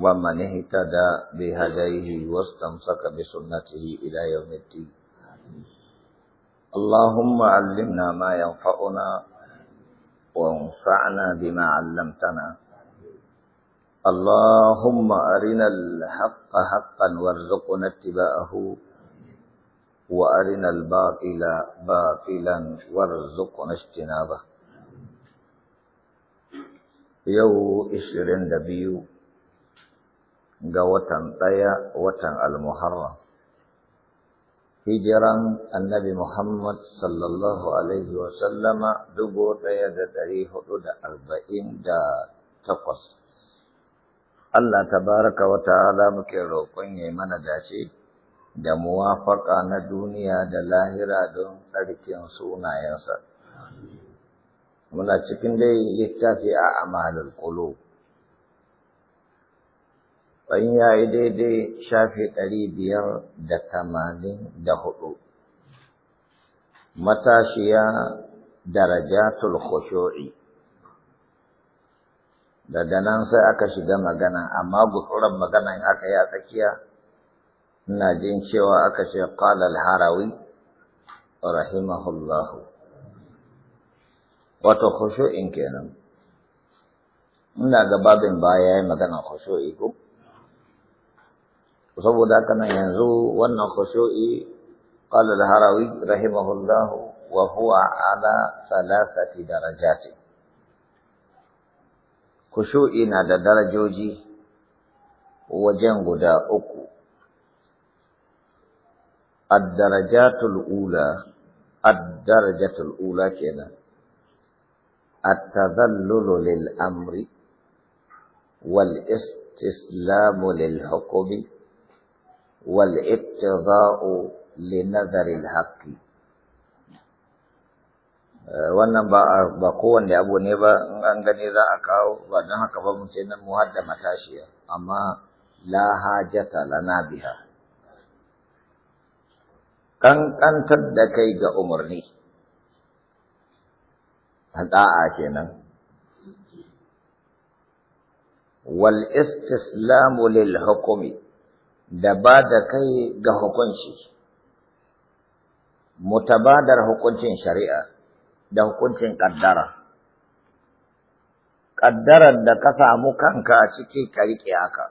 ومن اهتدى بهديه واستمسك بسنته إلى يوم الدين اللهم علمنا ما ينفعنا وانفعنا بما علمتنا اللهم أرنا الحق حقا وارزقنا اتباعه وأرنا الباطل باطلا وارزقنا اجتنابه يو إشرين دبيو ga watan ɗaya watan al-muharram hijiran annabi Muhammad sallallahu alaihi wa sallama dubu ɗaya da ɗari hudu da arba'in da takwas. Allah tabaraka wa ta'ala muke roƙon ya mana dace da muwafaƙa na duniya da lahira don tsarkin sunayensa. Muna cikin dai littafi a amalul qulub in ya yi daidai shafi ɗari biyar da tamanin da hudu matashiya darajatul khushu'i daga nan sai aka shiga magana amma gufuran magana in aka yi a tsakiya ina jin cewa aka ce qala alharawi harawi rahimahullahu wato khushu'in kenan ina ga babin baya ya magana khushu'i ko فصبودا كان ينزو وانا قال الهراوي رحمه الله وهو على ثلاثة درجات خشوئي نادى درجوجي وجنغدا أكو الدرجات الأولى الدرجة الأولى كنا التذلل للأمر والاستسلام للحكم والابتغاء لنظر الحق wannan ba ba kowanne abu ne ba in an gane za a kawo ba don haka ba mun ce nan muhaddama hadda matashiya amma la hajata lana biha kankantar da kai ga umarni hada'a kenan wal istislamu lil hukmi da ba da kai ga hukunci, mutabadar hukuncin shari'a da hukuncin ƙaddara. Ƙaddarar da ka samu kanka a ciki ka riƙe haka.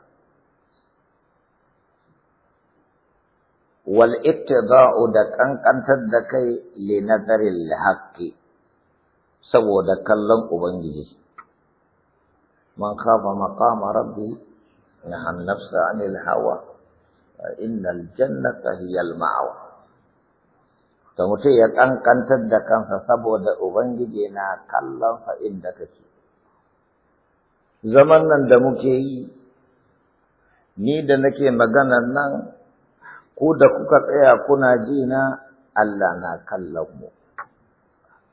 Wal ittida'u da ƙanƙantar da kai li nazarin haqqi saboda kallon Ubangiji. Man kafa maqama rabbi na nafsa anil hawa innal jannata hiyal ma'awa to mutum ya kankantar da kansa saboda ubangiji na kallon sa inda kake zaman nan da muke yi ni da nake maganar nan ku da kuka tsaya kuna ji na Allah na kallon mu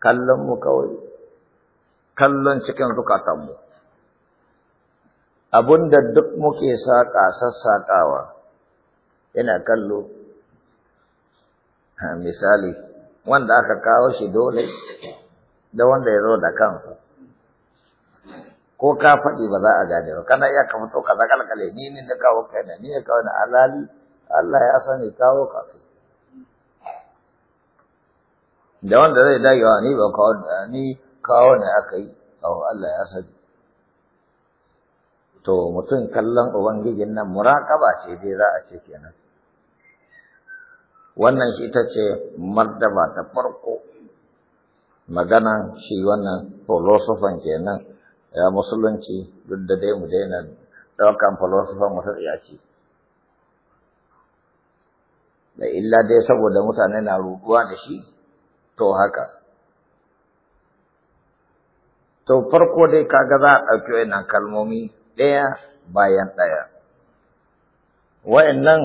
kallon mu kawai kallon cikin zukatanmu abunda duk muke saƙa sassaƙawa yana kallo misali wanda aka kawo shi dole da wanda ya zo da kansa ko ka faɗi ba za a gane ba kana iya ka fito ka zakalkale ni ne da kawo kaina ni ne kawo na alali Allah ya sani kawo ka da wanda zai wa ni ba kawo ni kawo ne aka yi kawo Allah ya sani to mutum kallon ubangijin nan muraƙaba ce dai za a ce kenan wannan shi ita ce martaba ta farko magana shi wannan filosofan kenan ya musulunci duk da dai mu daina ɗaukan filosofan masu tsiyaci da illa dai saboda mutane na ruɗuwa da shi to haka to farko dai kaga za a ɗauki wannan kalmomi ɗaya bayan ɗaya nan.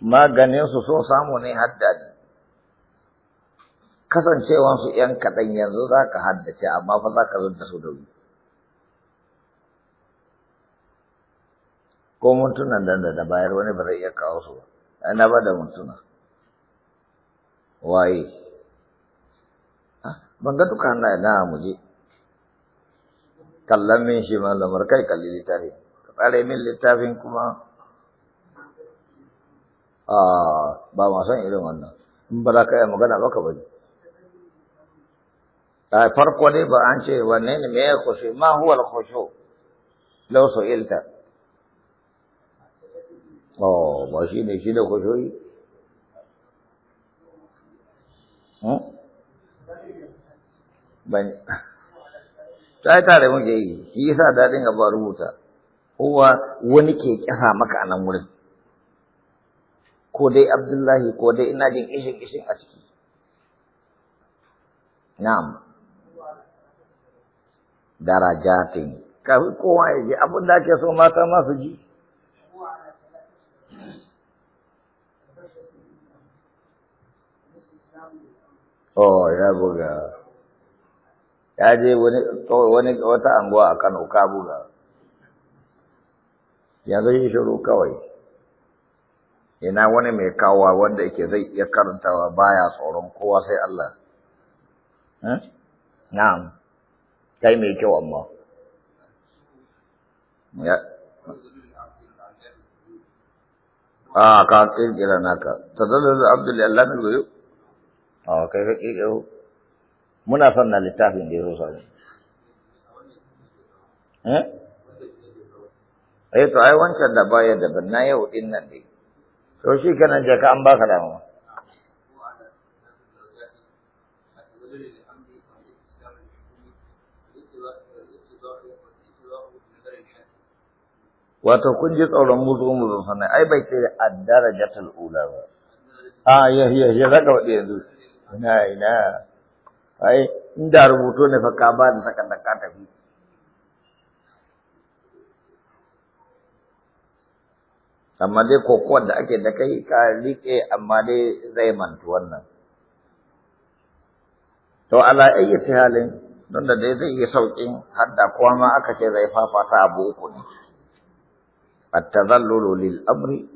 maganinsu so samu ne haddani, kasancewansu ‘yan kaɗan yanzu za ka haddace amma fa za ka zunta su da wuri ko mutunan tuna da na bayar wani ba zai iya kawo su ba na ba da mutuna waye ah, ban ga duka hannaye na muje kallon min shi malamar kai kalli littafin ka tsare min littafin kuma Ah, ba san irin wannan in ba za ka yi magana ba ka bari a ah, farko dai ba an ce wannan ne me ya ma huwa al-khushu law su'ilta oh ba shi ne shi da yi hmm? ban yi tare muke yi shi yasa daɗin ga ba rubuta kowa wani ke kisa maka a nan wurin ko dai Abdullahi ko dai ina jin ishin ishin a ciki. Na'am. Darajatin. Kafin kowa ya ji abin da ake so mata masu ji. Oh, ya buga. Ya je wani wata anguwa a Kano ka buga. Yanzu shi shuru kawai. ina wani mai kawowa wanda yake zai iya karantawa baya tsoron kowa sai Allah hmm? na'am kai mai kyau amma ya a ka kirkira naka tadallul abdul Abdullahi ne goyo a kai ka kirkiro muna son na littafin da ya sai eh hmm? eh to ai wancan da baya da ban na yau din nan dai to shi kana jaka an baka dama wato kun ji tsoron muzu muzu sannan ai bai ce addarajatul ula ba a ya ya ya zaka wade yanzu ina ina ai inda rubuto ne fa ka ba da saka da ka tafi amma dai kokowar da ake da kai ka riƙe amma dai zai mantu wannan. To, ala ayyi ta halin, don da dai zai yi sauƙin hadda kowa ma aka ce zai fafata abu uku ne. Attazalluru lil amri,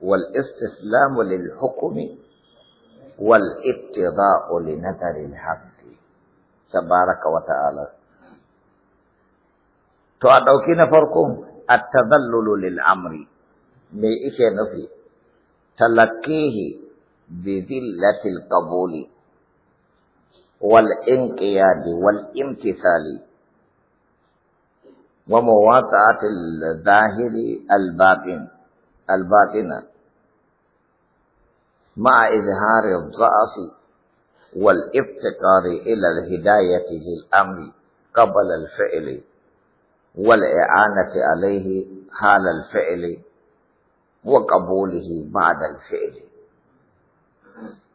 wal istislamu lil hukumi, wal ittiza'u li nazarin haƙƙi, ta baraka wa ta'ala. To, a ɗauki na farko, attazalluru lil amri, میں اس نفی تلقی القبول والإنقياد والإمتثال ومواقعة الظاهر الباطن الباطن مع إظهار الضعف والافتقار الى الهداية للامر قبل الفعل والاعانة عليه حال الفعل ba بعد الفعل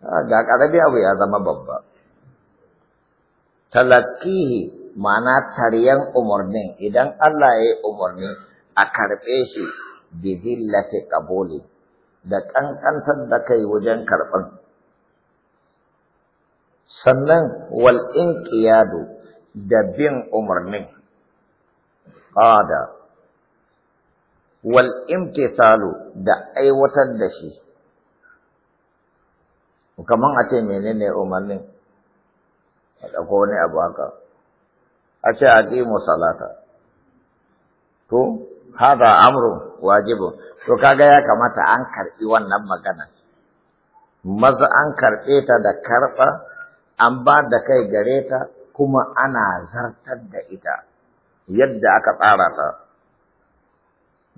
ga ƙarabi abu ya zama babba talakkihi ma'ana taryan umarnin idan Allah ya yi umarni a karɓe shi bi zillati qabuli da ƙanƙantar da kai wajen karɓan sannan wal inqiyadu da bin umarnin qada wal imtithalu da aiwatar da shi kaman a ce menene umarnin a ɗauko wani abu haka a ce a salata to hada amru wajibu to kaga ya kamata an karɓi wannan magana maza an karɓe ta da karɓa an ba da kai gare ta kuma ana zartar da ita yadda aka tsara ta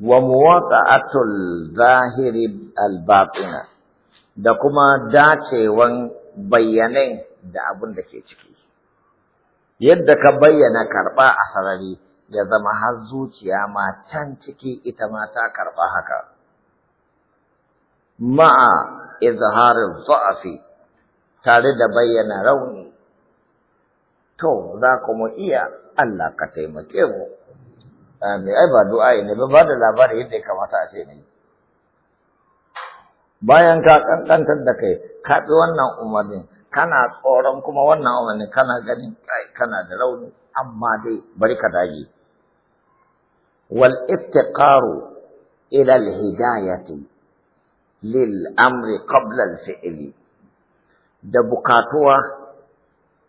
ومواطعة الظاهر الباطن da kuma dacewan bayyanai da abin da ke ciki yadda ka bayyana karɓa a sarari ya zama har zuciya ma can ciki ita ma ta karɓa haka ma'a izharin za'afi tare da bayyana rauni to za mu iya Allah ka taimake mu mai ai ba du'a ne ba ba da labari yadda ya kamata a ce ne bayan ka kankantar da kai ka bi wannan umarnin kana tsoron kuma wannan umarnin kana ganin kai kana da rauni amma dai bari ka dage wal iftiqaru ila al hidayati lil amri qabla al fi'li da bukatuwa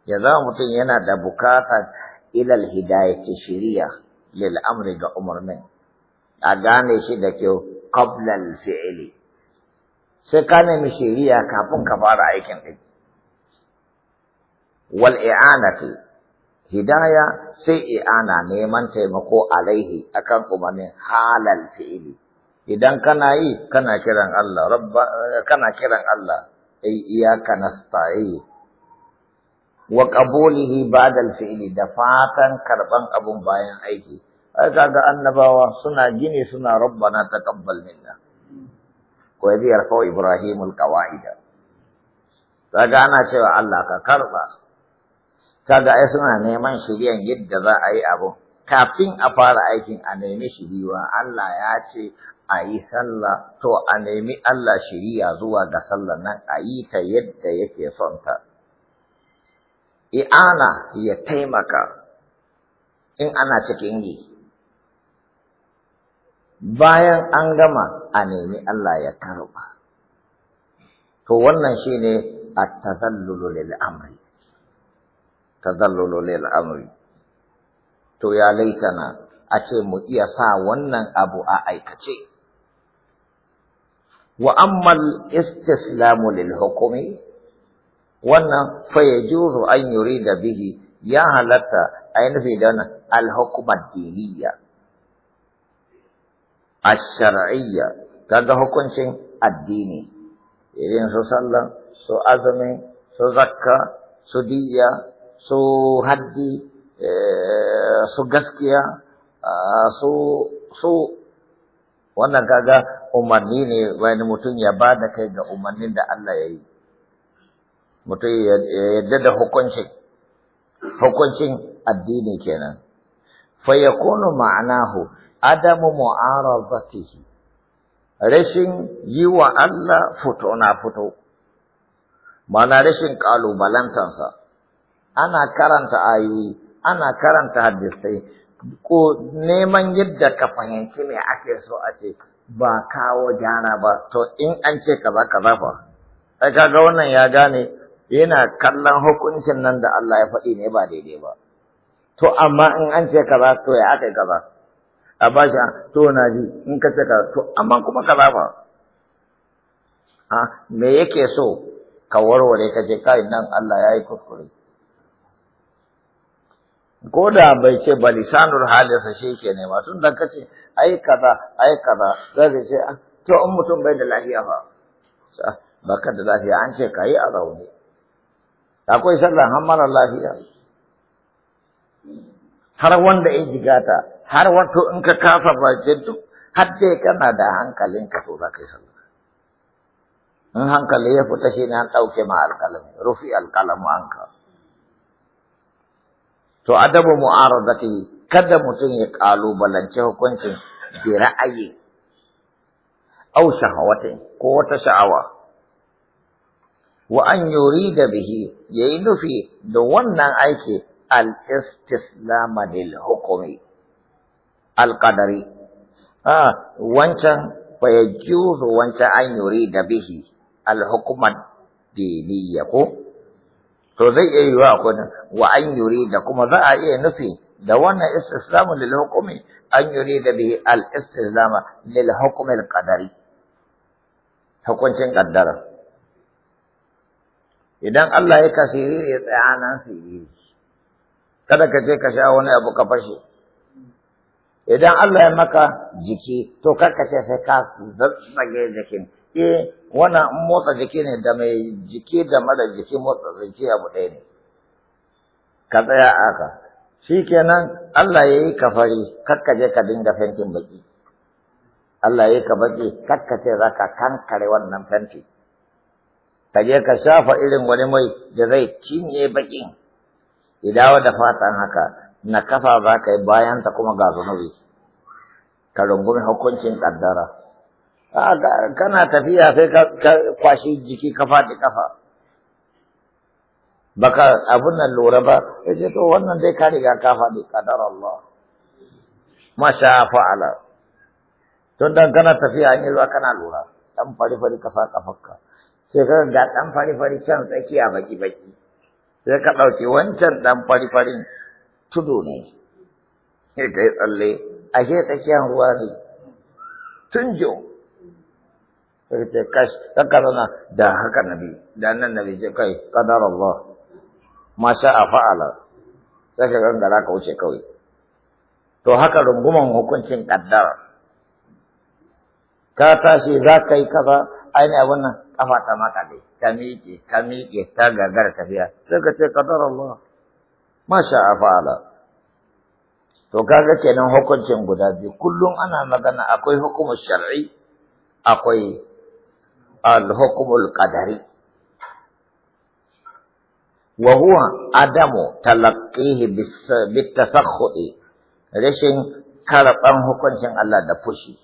ya za mutum yana da bukatar ilal hidayati shiriya lil amri ga umarnin a gane shi da kyau qabla fi'ili fi'li sai ka nemi shiriya kafin ka fara aikin din wal i'anati hidaya sai i'ana neman taimako alaihi akan umarnin halal fi'li idan kana yi kana kiran Allah rabba kana kiran Allah ai iyaka nasta'in wa qabulihi Badal, fili da fatan karban abun bayan aiki ai kaga annabawa suna gini suna rabbana taqabbal minna ko yaji yarfa ibrahimul qawaida kaga ana cewa Allah ka karba kaga ai suna neman shiriyan yadda za a yi abu kafin a fara aikin a nemi shiriwa Allah ya ce a yi sallah to a nemi Allah shiriya zuwa ga sallar nan a yi ta yadda yake son ta i'ana ya taimaka in ana cikin yi bayan an gama a nemi Allah ya karba to wannan shine a tazallulu tazallulu lil amri to ya laitana a ce mu iya sa wannan abu a aikace wa amma istislamu lil hukumi. wannan fa juzu an da bihi ya halatta a yi nufi da wannan al diniya shariyya kaga hukuncin addini irin su sallah su azumi su zakka su diya su haddi eh, su gaskiya ah, su su wannan kaga umarni ne wani mutum ya ba da kai ga umarnin da Allah ya yi mutum ya yadda da hukuncin hukuncin addini kenan fa yakunu ma'anahu adamu mu'aradatihi rashin yi wa Allah fito na fito mana rashin sa ana karanta ayoyi ana karanta hadisai ko neman yadda ka fahimci me ake so a ce ba kawo jana ba to in an ce kaza kaza fa ai kaga wannan ya gane yana kallon hukuncin nan da Allah ya faɗi ne ba daidai ba to amma in an ce kaza to ya aka kaza a ba shi to na ji in ka ce kaza to amma kuma kaza ba Ha, me yake so ka warware ka ce kai nan Allah ya yi kuskure ko da bai ce ba lisanul halinsa shi ke ne ba tun da kace ai kaza ai kaza zai ce ah, to in mutum bai da lafiya ba baka da lafiya an ce yi a zaune akwai sallah har mara lafiya har wanda ya jigata har wato in ka kafa bace duk har dai kana da hankalin ka to za ka yi sallah in hankali ya fita shi ne an ɗauke ma alƙalami rufi alƙalamu an ka to adabu mu'aradati kada mutum ya ƙalubalance hukuncin bi ra'ayi au shahawatin ko wata sha'awa وأن يريد به ينفي دون أيك الاستسلام للحكم القدري آه وانشان فيجوز وانشان أن يريد به الحكم الديني فزي أيوا وأن يريد كما ذا ينفي دون استسلام للحكم أن يريد به الاستسلام للحكم القدري حكم قدره idan Allah ya kasiri ya tsaya nan siriri kada ka je ka sha wani abu ka fashe idan Allah ya maka jiki to kar ka ce sai ka zazzage jikin eh wannan motsa jiki ne da mai jiki da mara jiki motsa jiki abu ɗaya ne ka tsaya aka kenan Allah ya yi kafari kar ka je ka dinga fentin baki Allah ya yi ka baki kar ka ce za ka kankare wannan fenti ka je ka shafa irin wani mai da zai cinye bakin idawa da fatan haka na kafa za ka yi bayan ta kuma ga zunubi ka rungumi hukuncin kaddara kana tafiya sai ka kwashi jiki ka faɗi kafa baka abun nan lura ba ce to wannan dai ka riga ka faɗi kaddar Allah masha fa'ala to dan kana tafiya an yi zuwa kana lura dan fari fari ka sa kafarka sai da ga ɗan fari-fari can tsakiya baki-baki sai ka ɗauki wancan ɗan fari-farin tudu ne sai ka yi tsalle a ke tsakiyar ruwa ne jo sai ce kashi ta karana da haka nabi da nan nabi ce kai kadar Allah masha a fa'ala sai ka gangara ka wuce kawai to haka runguman hukuncin kaddara ka tashi za ka yi kaza ainihin abin nan kafa ta dai, ta miƙe ta miƙe ta gagar tafiya sai ka ce kadar Allah masha a to kaga kenan hukuncin guda biyu kullum ana magana akwai hukumar shar'i akwai al-hukumul qadari wa huwa adamu talaqqihi bitasakhu'i rashin karɓan hukuncin Allah da fushi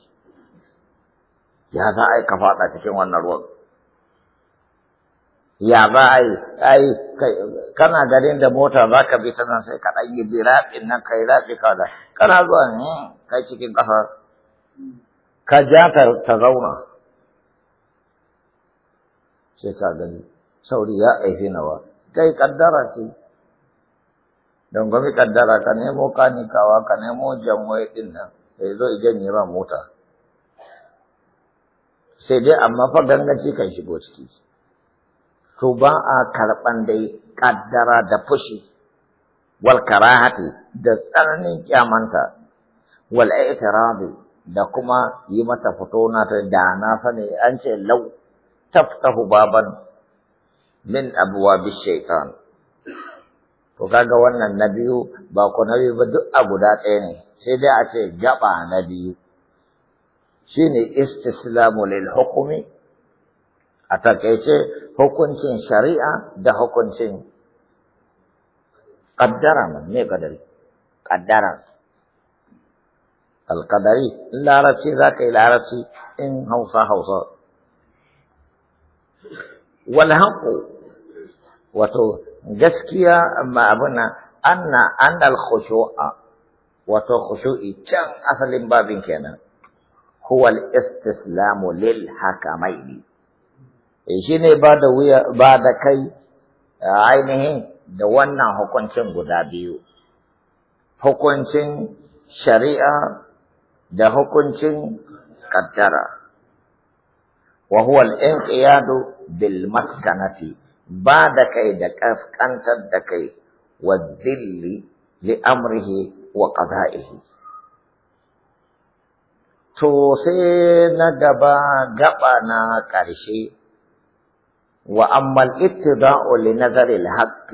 ya za a yi ka faɗa cikin wannan ruwan ya ba ai ai kana garin da mota za ka bi ta sai ka ɗan yi bi nan nan kai raɓi ka da kana zuwa ne kai cikin ƙasa ka ja ta zauna sai ka gani sauri ya aifi nawa kai kaddara shi. don gwami kaddara ka nemo kanikawa ka nemo janwai ɗin nan sai zo ijen yi mota sai dai amma fa ganganci kan shigo ciki to ba a karɓan dai ƙaddara da fushi wal karahati da tsananin kyamanta wal i'tiradi da kuma yi mata fito na ta da na sani an ce lau taftahu baban min abwabi shaitan to kaga wannan na biyu ba ku na biyu ba duk a guda ɗaya ne sai dai a ce gaba na biyu shine istislamu lil hukumi a takaice hukuncin shari'a da hukuncin ƙaddara ne ƙadari ƙaddara alƙadari in larabci za ka yi larabci in hausa hausa walhaƙo wato gaskiya amma abuna anna annal khushu'a wato khushu'i can asalin babin kenan huwa al-istislamu lil hakamaini Eh, shi ne ba da wuya ba da kai eh, ainihin da wannan hukuncin guda biyu hukuncin shari'a da hukuncin kaddara wa huwa al-inqiyadu bil maskanati ba da kai da kaskantar da kai wa dhilli li amrihi wa qada'ihi to sai na gaba gaba na ƙarshe وأما الاتضاء لنظر الحق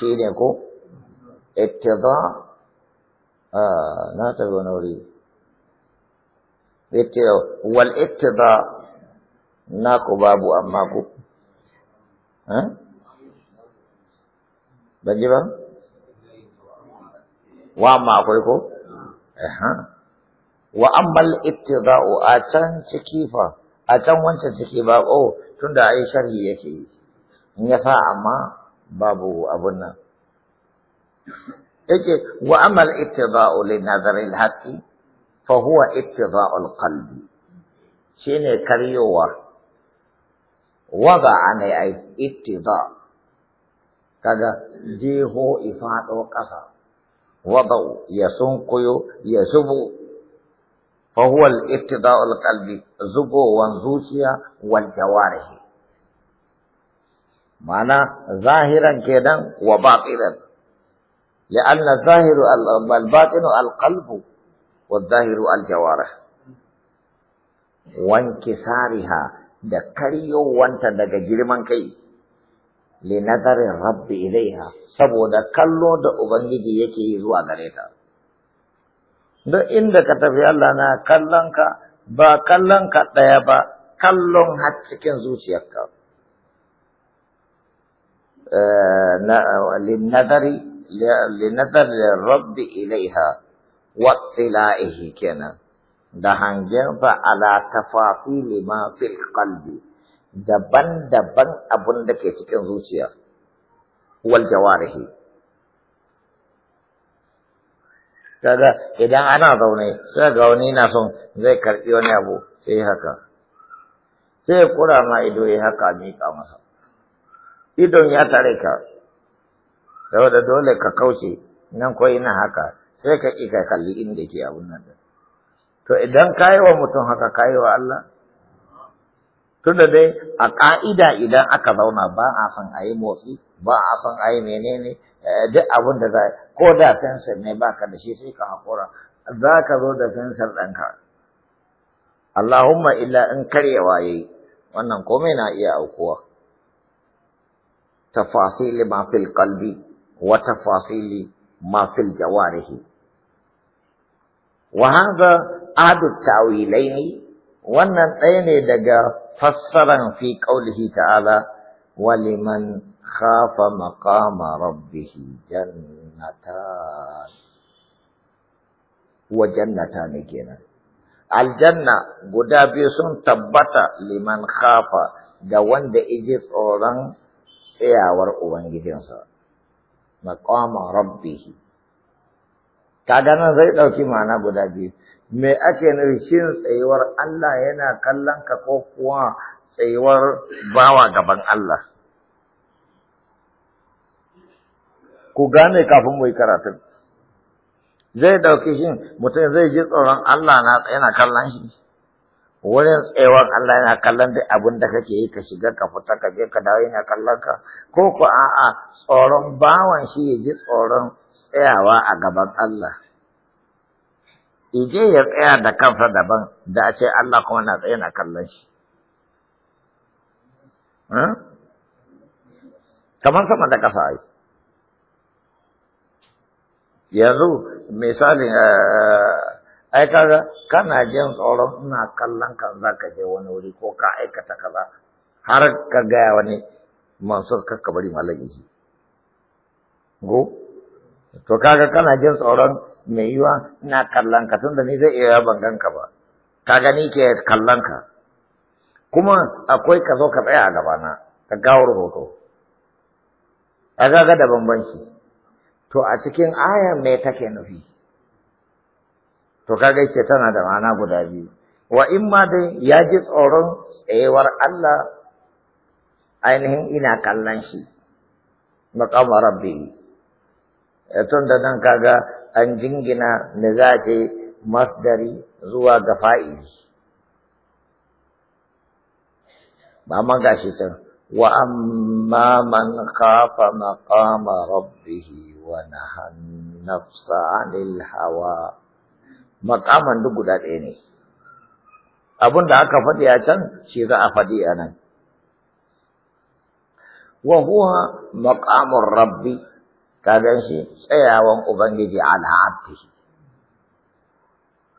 شينكو اتضاء آه ناتب نوري والاتضاء ناكو بابو أماكو ها بجيبا وأما أقولكو أها وأما الاتضاء أتان تكيفا a can wancan suke ba oh tunda ai sharhi yake yi in ya sa amma babu abun nan yake wa amal ittiba'u li nazari al-haqqi fa huwa ittiba'u al-qalbi shine karyowa waga ne ai ittiba kaga jeho ifado kasa wadau ya sunkuyo ya subu فهو الابتداء القلبي زبو وانزوشيا والجوارح معنى ظاهرا كدا وباطلا لأن الظاهر الباطن القلب والظاهر الجوارح وانكسارها دكريو وانت دك جرمان كي لنظر الرب إليها سبو دكالو دأبنجي يكي زوا غريتها Duk inda ka tafi Allah na kallon ka ba kallon ka ɗaya ba, kallon har cikin zuciyarka. Eh, linnadari, linnadari rabbi ilaiha, wattila'ihi kenan, da hangensa ala tafasili ma fil daban-daban abun da ke cikin zuciya, wal jawarihi. kaga idan ana zaune sai ga wani na son zai karbi wani abu sai haka sai kura ma ido ya haka miƙa masa idon ya tare ka saboda dole ka kauce nan ko ina haka sai ka ƙi ka kalli inda ke abun nan to idan ka wa mutum haka ka yi wa Allah tunda dai a ƙa'ida idan aka zauna ba a son a yi motsi ba a son a yi menene eh, duk abin da za ko da fensir ne baka da shi sai ka haƙura za ka zo da fensir ɗanka Allahumma illa in karyewa ya yi wannan komai na iya aukuwa tafasili ma fil qalbi wa tafasili ma fil jawarihi wa hadha adu ta'wilaini wannan ɗaya ne daga fassaran fi ƙaulihi ta'ala waliman khafa maqama rabbihi jannatan wa jannata kenan aljanna guda biyu sun tabbata liman khafa da wanda iji tsoron tsayawar ubangijinsa maqama rabbihi kaga nan zai ɗauki ma'ana guda biyu me ake nufi shin tsayuwar Allah yana kallon ka ko kuwa tsayuwar bawa gaban Allah ku gane kafin mu yi karatun zai ɗauki shi mutum zai ji tsoron Allah na yana kallon shi wurin tsayuwar Allah yana kallon duk abin da kake yi ka shiga ka fita ka je ka dawo yana kallon ka ko ku a'a tsoron bawan shi ya ji tsoron tsayawa a gaban Allah ije ya tsaya da kansa daban da a ce Allah kuma na tsaye na kallon shi. Kamar sama da ƙasa ai. Yanzu misali eh, eh, ai kaga kana jin tsoron ina kallon kan za ka je wani wuri ko ka aikata kaza har ka gaya wani mansur ka bari malaki. Go? To kaga kana jin tsoron mai yiwa ina kallon ka tunda ni zai iya ban ganka ba ka gani ke kallon ka kuma akwai ka zo ka tsaya a gabana ka gawo hoto a gaga da bambanci to a cikin aya me take nufi to kaga ke tana da ma'ana guda biyu wa in ma dai ya ji tsoron tsayewar Allah ainihin ina kallon shi maqama rabbi eh, tun da nan kaga an jingina da za a masdari zuwa ga fa'ili. Ba ma shi can, wa amma man kafa maqama rabbihi wa nahan nafsa anil hawa. Maƙaman duk guda ɗaya ne. Abin da aka faɗi a can, shi za a faɗi a nan. Wa huwa maqamur rabbi ka gan shi tsayawan ubangiji ala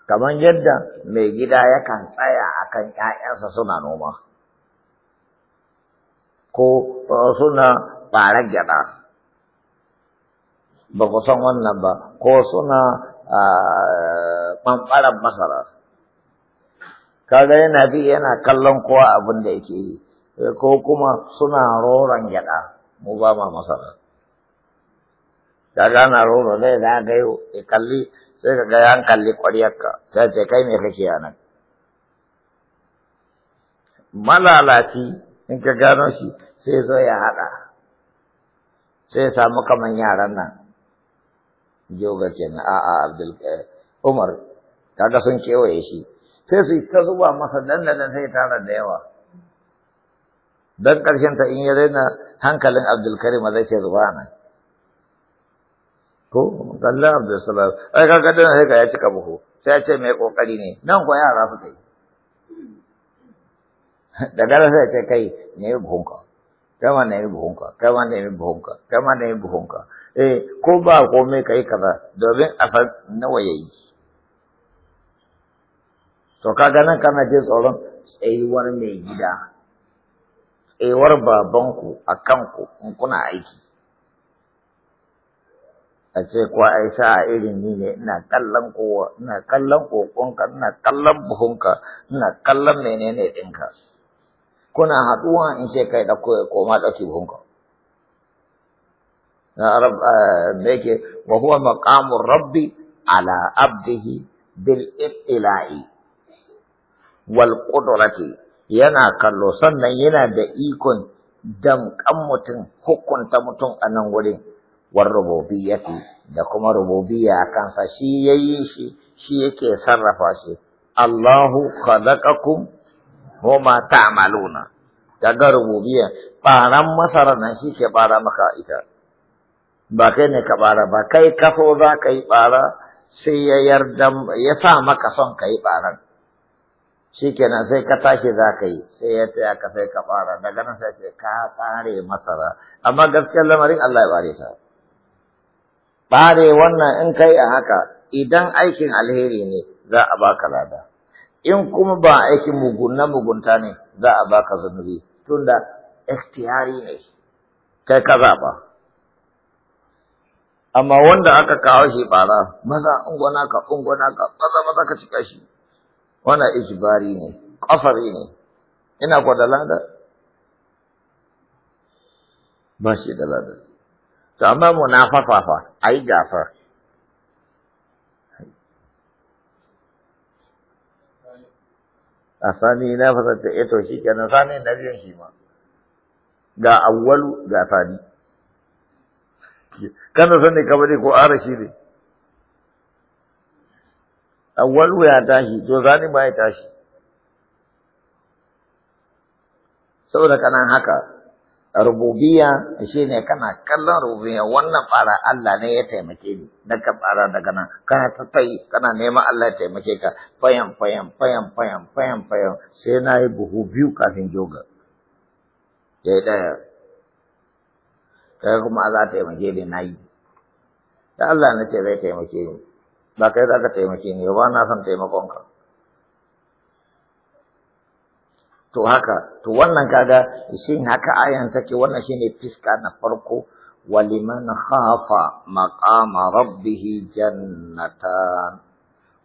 kamar yadda mai gida yakan tsaya a kan 'ya'yansa, suna noma ko suna ɓarar gyaɗa ba ku san wannan ba ko suna ɓanɓarar masara kaga yana bi yana kallon kowa abin da yake yi ko kuma suna roron gyaɗa mu ba ma masara kaga ana rono zai za ga yau kalli sai ka gaya yan kalli ƙwaryarka sai ce kai me kake a nan malalaci in ka gano shi sai zo ya haɗa sai ya samu kaman yaran nan joga kenan a'a abdul umar kaga sun kewaye shi sai su ta zuba masa dandana sai ta tara da yawa don ƙarshen ta in ya daina hankalin abdulkarim zai ce zuwa nan da Abdulsalam, ai kaga dan sai ga ya cika buhu, sai ya ce mai kokari ne, nan ko yara suka yi. Da gara sai ce kai ne buhunka, kai ma ne buhunka, kai ma ne buhunka, kai ma ne buhunka. Eh, ko ba komai kai kaza, domin a san nawa yi. To ka ganin kana jin tsoron tsayuwar mai gida, tsayuwar babanku a kanku in kuna aiki. a ce ko ai sa irin ni ne ina kallon kowa ina kallon kokonka ina kallon buhunka ina kallon menene ɗinka kuna haɗuwa in ce kai da koya koma ɗauki buhunka na arab eh, da yake wa huwa maqamur rabbi ala abdihi bil ibtila'i wal qudrati yana kallo sannan yana da ikon damƙan mutum hukunta mutum a nan wurin war rububiyyati da kuma rububiyya kansa shi yayi shi shi yake sarrafa shi Allahu khalaqakum wa ma ta'maluna daga rububiyya baran masara nan shi ke bara maka ita ba kai ne ka bara ba kai kafo za ka yi bara sai ya yarda ya sa maka son ka yi baran shikenan sai ka tashi za ka yi sai ya taya ka sai ka fara daga nan sai ka tsare masara amma gaskiyar lamarin Allah ya bare ta ɓare wannan in kai a haka idan aikin alheri ne za a baka lada in kuma ba aikin mugunna mugunta ne za a baka zunubi tunda ikhtiyari ne kai ka zaɓa amma wanda aka kawo shi bara maza ungwana ka ungwana ka maza maza ka cika shi wannan ijibari ne kafari ne ina kwa lada ba shi da lada to amma munafafa fa ai gafa a sani na fasanta eto eh shi kenan sani na biyan shi ma ga awwalu ga sani kana sani ka bari ko ara shi ne awwalu ya tashi to sani ma ya tashi saboda kanan haka rububiya ne kana kallon rububiya wannan fara Allah ne ya taimake ni na ka fara daga nan kana ta tai kana neman Allah ya taimake ka fayan fayan fayan fayan fayan fayan sai na yi buhu biyu kafin joga ya yi ɗaya kai kuma Allah taimake ni na yi da Allah na ce zai taimake ni ba kai za ka taimake ni ba na son taimakonka to haka to wannan kaga shin haka ayan take wannan shine fiska na farko waliman khafa maqama rabbih jannatan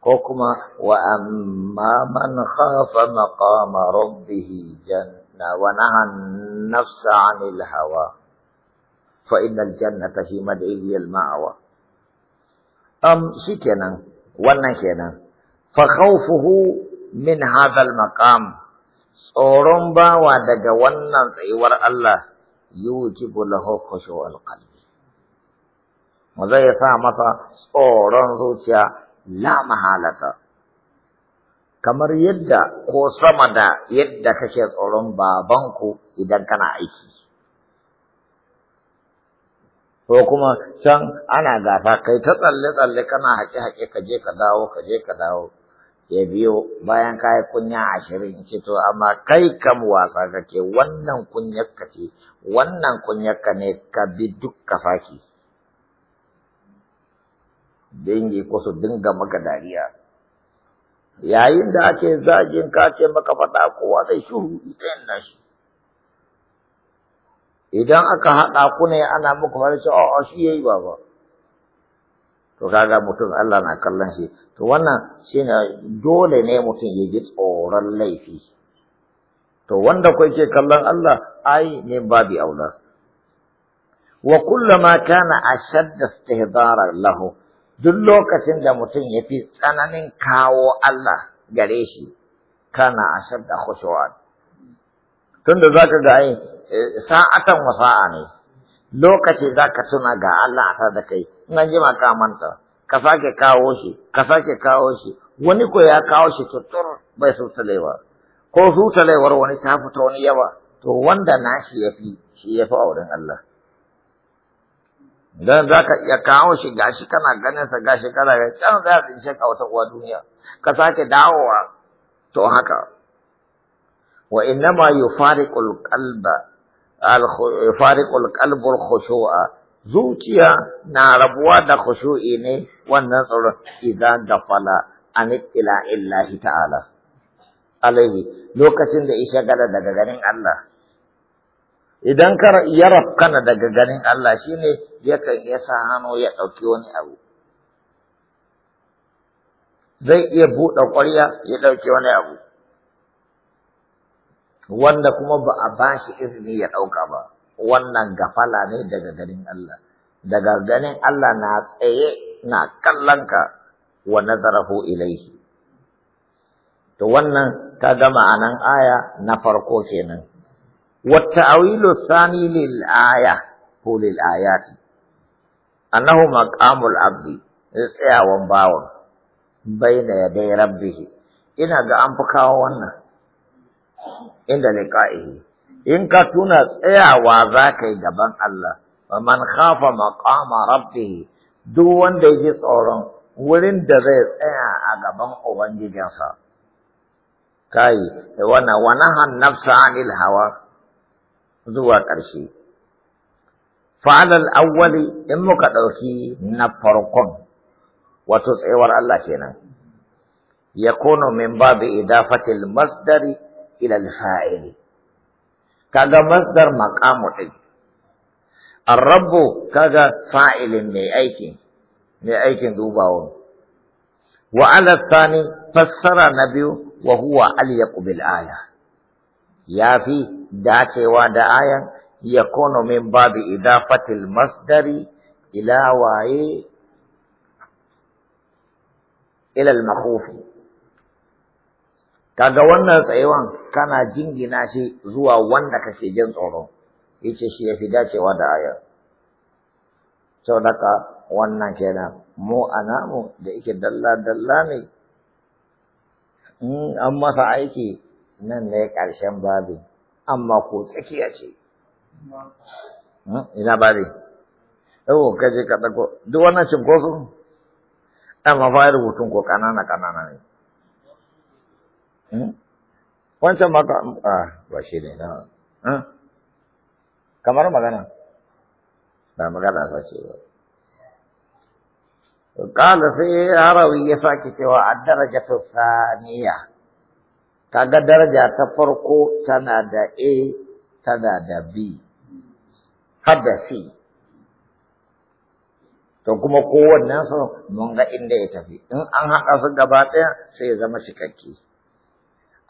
ko kuma wa amma man khafa maqama rabbih janna wa nahan nafsa 'anil hawa fa innal jannata hi mad'iyal ma'wa am shikenan wannan kenan fa khawfuhu min hadha al maqam tsoron bawa daga wannan tsayuwar Allah yujibu lahu khushu'al qalbi mu zai sa masa tsoron zuciya la mahalata kamar yadda ko sama da yadda kake tsoron babanku idan kana aiki ko kuma can ana gasa kai ta tsalle tsalle kana haƙe haƙe ka je ka dawo ka je ka dawo ya biyo bayan kayi kunya ashirin ce to amma kai kam wasa kake wannan kunyarka ce wannan kunyarka ne ka bi duk ka faki dangi ko su dinga maka dariya yayin da ake zagin ka ce maka faɗa kowa zai shuru ita yin nashi. Idan aka haɗa ku ne ana muku farin cewa a shi yayi baba. to kaga mutum Allah na kallon shi to wannan shine dole ne mutum ya ji tsoron laifi to wanda kai ke kallon Allah ai ne babi aula wa kullama kana ashadda istihdara lahu duk lokacin da mutum ya fi tsananin kawo Allah gare shi kana ashadda khushu'an tunda zaka ga ai eh, sa'atan wa sa'a ne lokaci za ka tuna ga Allah a da kai ina jima ka manta ka sake kawo shi ka sake kawo shi wani ko ya kawo shi tutur bai sutalewa ko sutalewar wani ta fito wani yawa to wanda na shi ya fi shi ya fi auren Allah dan za ka iya kawo shi gashi kana ganin sa gashi kana ga can za ka shi ka wata uwa duniya ka sake dawowa to haka wa inna innama yufariqul qalba يفارق القلب الخشوع zuciya na rabuwa da khushu'i ne wannan tsoron idan gafala an ila illahi ta'ala Alayhi. lokacin da isha gada daga ganin Allah idan ka ya rafkana daga ganin Allah shine yakan ya sa hannu ya ɗauki wani abu zai iya buɗe ƙwarya ya ɗauki wani abu wanda kuma ba a ba shi izini ya ɗauka ba wannan gafala ne daga ganin Allah daga ganin Allah na tsaye na kallonka wa nazarahu ilaihi to wannan ta gama a nan aya na farko kenan Wata ta'awilu thani lil aya ko lil ayati annahu maqamul abdi tsayawan bawan baina yaday rabbihi, ina ga an fi kawo wannan inda liqa'ihi in ka tuna tsayawa za ka yi gaban Allah wa man khafa maqama rabbih duk wanda yake tsoron wurin da zai tsaya a gaban ubangijinsa kai wana wanahan nafsa anil hawa zuwa ƙarshe fa'alal awwali in muka ɗauki na farkon wato tsayawar Allah kenan yakunu min babi idafatil masdari إلى الفاعل كذا مصدر مقام حج الرب كذا فاعل من أيك من أيك دوباون وعلى الثاني فسر نبي وهو أليق بالآية يا في داتي ودا آية يكون من باب إضافة المصدر إلى وعي إلى المخوف kaga wannan tsayuwan kana jingina shi zuwa wanda kake jin tsoro yace shi yafi dacewa da aya saboda wannan kenan mu mu da yake dalla dalla ne in an masa aiki nan ne ƙarshen babi amma ko tsakiya ce hmm? ina babi yau kaje ka ɗauko duk wannan Ɗan amma ya rubutun ko ƙanana ƙanana ne Hmm? wancan maka a ah, ba shi ne na hmm? kamar magana na magana ta ce ba kala sai harawi ya sake cewa a daraja ta saniya ga daraja ta farko tana da a tana da b hada c to kuma kowannen su mun ga inda ya tafi in an haɗa su gaba ɗaya sai ya zama shikakke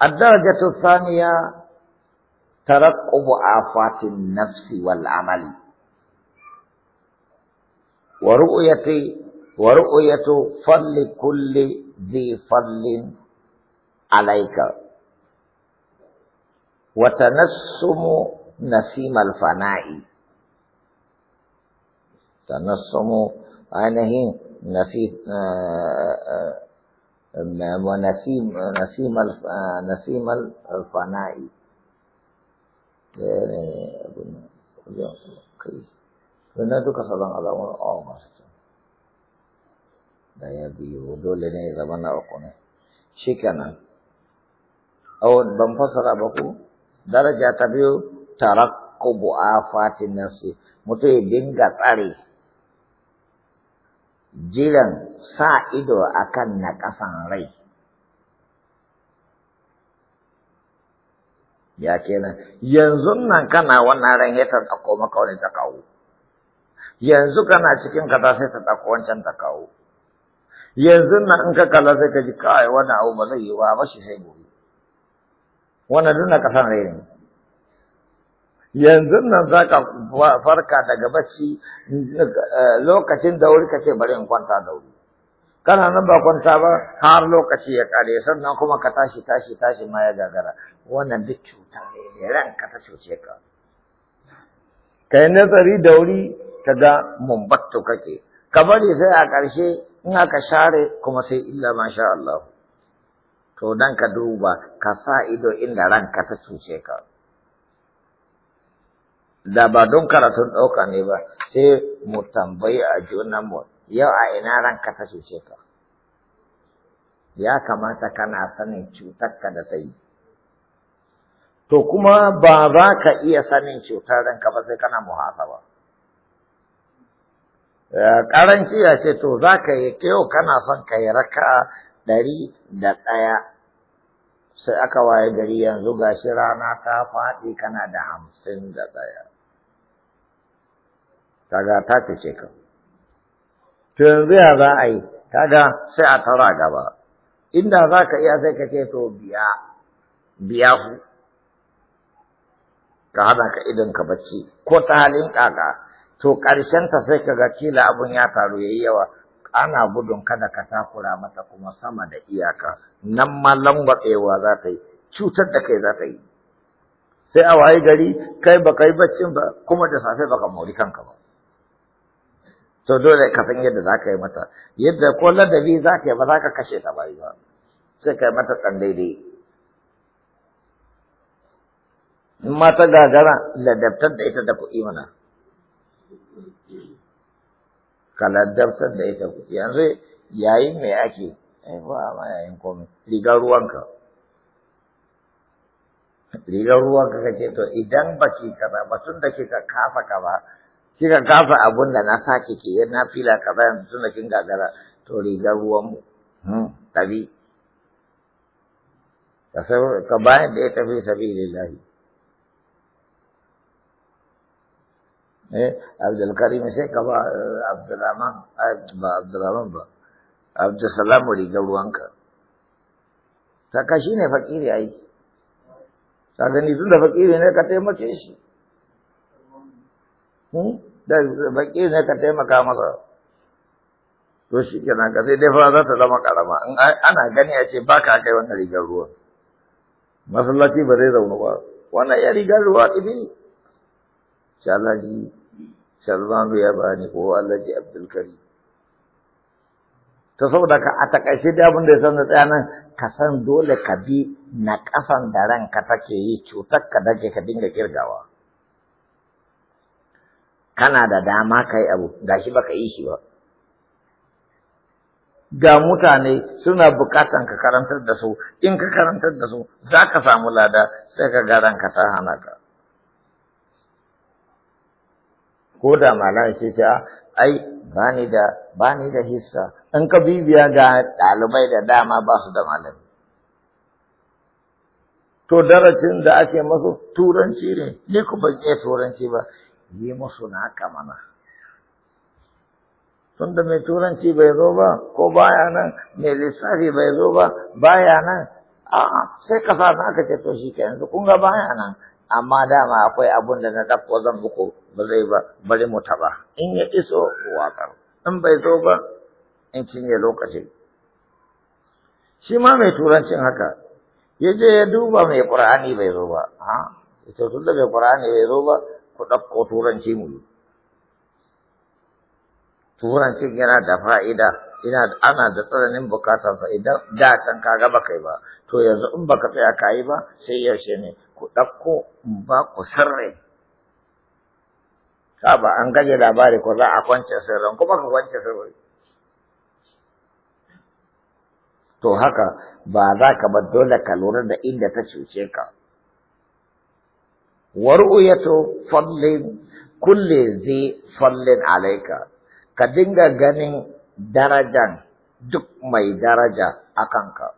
الدرجة الثانية ترقب آفات النفس والعمل ورؤية ورؤية فضل كل ذي فضل عليك وتنسم نسيم الفناء تنسم يعني نسيم آه، آه، ونسيم نسيم الف... نسيم الفنائي Benar duka sabon alamar Allah masu Daya biyu dole ne zama na uku ne. Shi kenan. Awon ban fasara ba ku? Daraja ta biyu tarakkubu afatin nafsi. Mutu ya dinga tsare jiran sa ido akan na ƙasan rai. Ya kenan, yanzu nan kana wannan ran ya ta tsako maka wani ta kawo. Yanzu kana cikin kasa sai ta tsako wancan ta kawo. Yanzu nan in ka kalla sai ka ji kawai wani abu ba zai yi wa ba shi sai gobe. Wannan duk rai ne. yanzu nan za ka farka daga bacci eh, lokacin da wuri kace bari in kwanta da wuri kana nan ba kwanta ba har lokaci ya kare sannan kuma ka tashi tashi tashi ma ya gagara wannan duk cuta ne ka ta cuce ka kai nazari da wuri ka ga mumbatto kake ka bari sai a ƙarshe in aka share kuma sai illa masha Allah to dan ka duba ka sa ido inda ranka ta cuce ka da ba don karatun ɗauka ne ba sai mu tambayi a junanmu yau a ina ranka ta cuce ka ya kamata kana sanin cutarka da ta to kuma ba za ka iya sanin cutar ranka ba sai kana muhasaba ƙaranci ya ce to za ka yi yau kana son ka yi raka ɗari da ɗaya sai aka waye gari yanzu gashi rana ta faɗi kana da hamsin da ɗaya. kaga ta cece ka to yanzu ya za a yi kaga sai a tara gaba inda za ka iya sai ka ce to biya biya ku ka hana ka idan ka bacci ko ta halin kaka to ƙarshen ta sai ga kila abun ya taru yi yawa ana gudun kada ka takura mata kuma sama da iyaka nan ma langwatsewa za ta yi cutar da kai za ta yi sai a waye gari kai ba kai baccin ba kuma da safe baka mori kanka ba to dole ka san yadda za ka yi mata yadda ko ladabi za ka yi ba za ka kashe ta ba ba sai ka yi mata ɗan daidai in ma ta gagara ladabtar da ita da kuɗi mana ka ladabtar da ita kuɗi yanzu yayin mai ake ba ma yayin komai rigar ruwanka rigar ruwanka kake to idan baki kaza ba tun da kika kafa ka ba kika kafa abun da na sake ke na fila ka bayan tunda kin gagara to rigar ruwan mu hmm, tabi ka bayan da ya tafi sabilillahi eh Abdulkarim sai ka ba eh, Abdulrahman eh, ba Abdulrahman ba Abdulsalam rigar ruwanka Ta shi ne fakiri ai ka gani tun da fakiri ne ka taimake shi da baki ne ka taimaka masa to shi kenan ka sai dai fa za ta zama karama in ana gani a ce ba ka kai wannan rigar ruwa masallaci ba zai zauna ba wannan ya rigar ruwa ɗibi shalaji shalmanu ya bani ko allaji abdulkari ta saboda ka a takaice da abin da ya san da nan ka san dole ka bi na ƙasan da ranka take yi cutar ka dage ka dinga kirgawa kana da dama kai abu gashi baka yi shi ba ga mutane suna bukatan ka karantar da su in ka karantar da su za ka samu lada sai ka ga ranka ta hana ka ko da malam ce ce ah, ai bani da ni da hissa in ka bibiya ga ɗalibai da dama ba su da malami to darasin da ake masu turanci ne ni ku ban iya turanci ba yi musu naka mana tunda mai turanci bai zo ba ko baya nan mai lissafi bai zo ba baya nan a'a sai ka sa aka ce to shi kenan kun ga baya nan amma dama akwai abun da na ɗauko zan muku ba zai ba bari mu taɓa in ya iso waƙar in bai zo ba in cinye lokaci shi ma mai turancin haka ya je ya duba mai ƙur'ani bai zo ba a ita tun mai ƙur'ani bai zo ba ku ɗauko turanci mu yi. Turancin yana da fa'ida, Ina, ana da tsananin bukatarsa idan da can ka gaba kai ba, to yanzu in baka tsaya ka yi ba sai yaushe ne ku ɗauko ba ku sirri. Ka ba an gaje labari ko za a kwance sirrin, kuma ka kwance sirri. To haka ba za ka ba dole ka lura da inda ta cuce ka. ورؤية فضل كل ذي فضل عليك كدنجا غنين darajan duk mai daraja a kanka.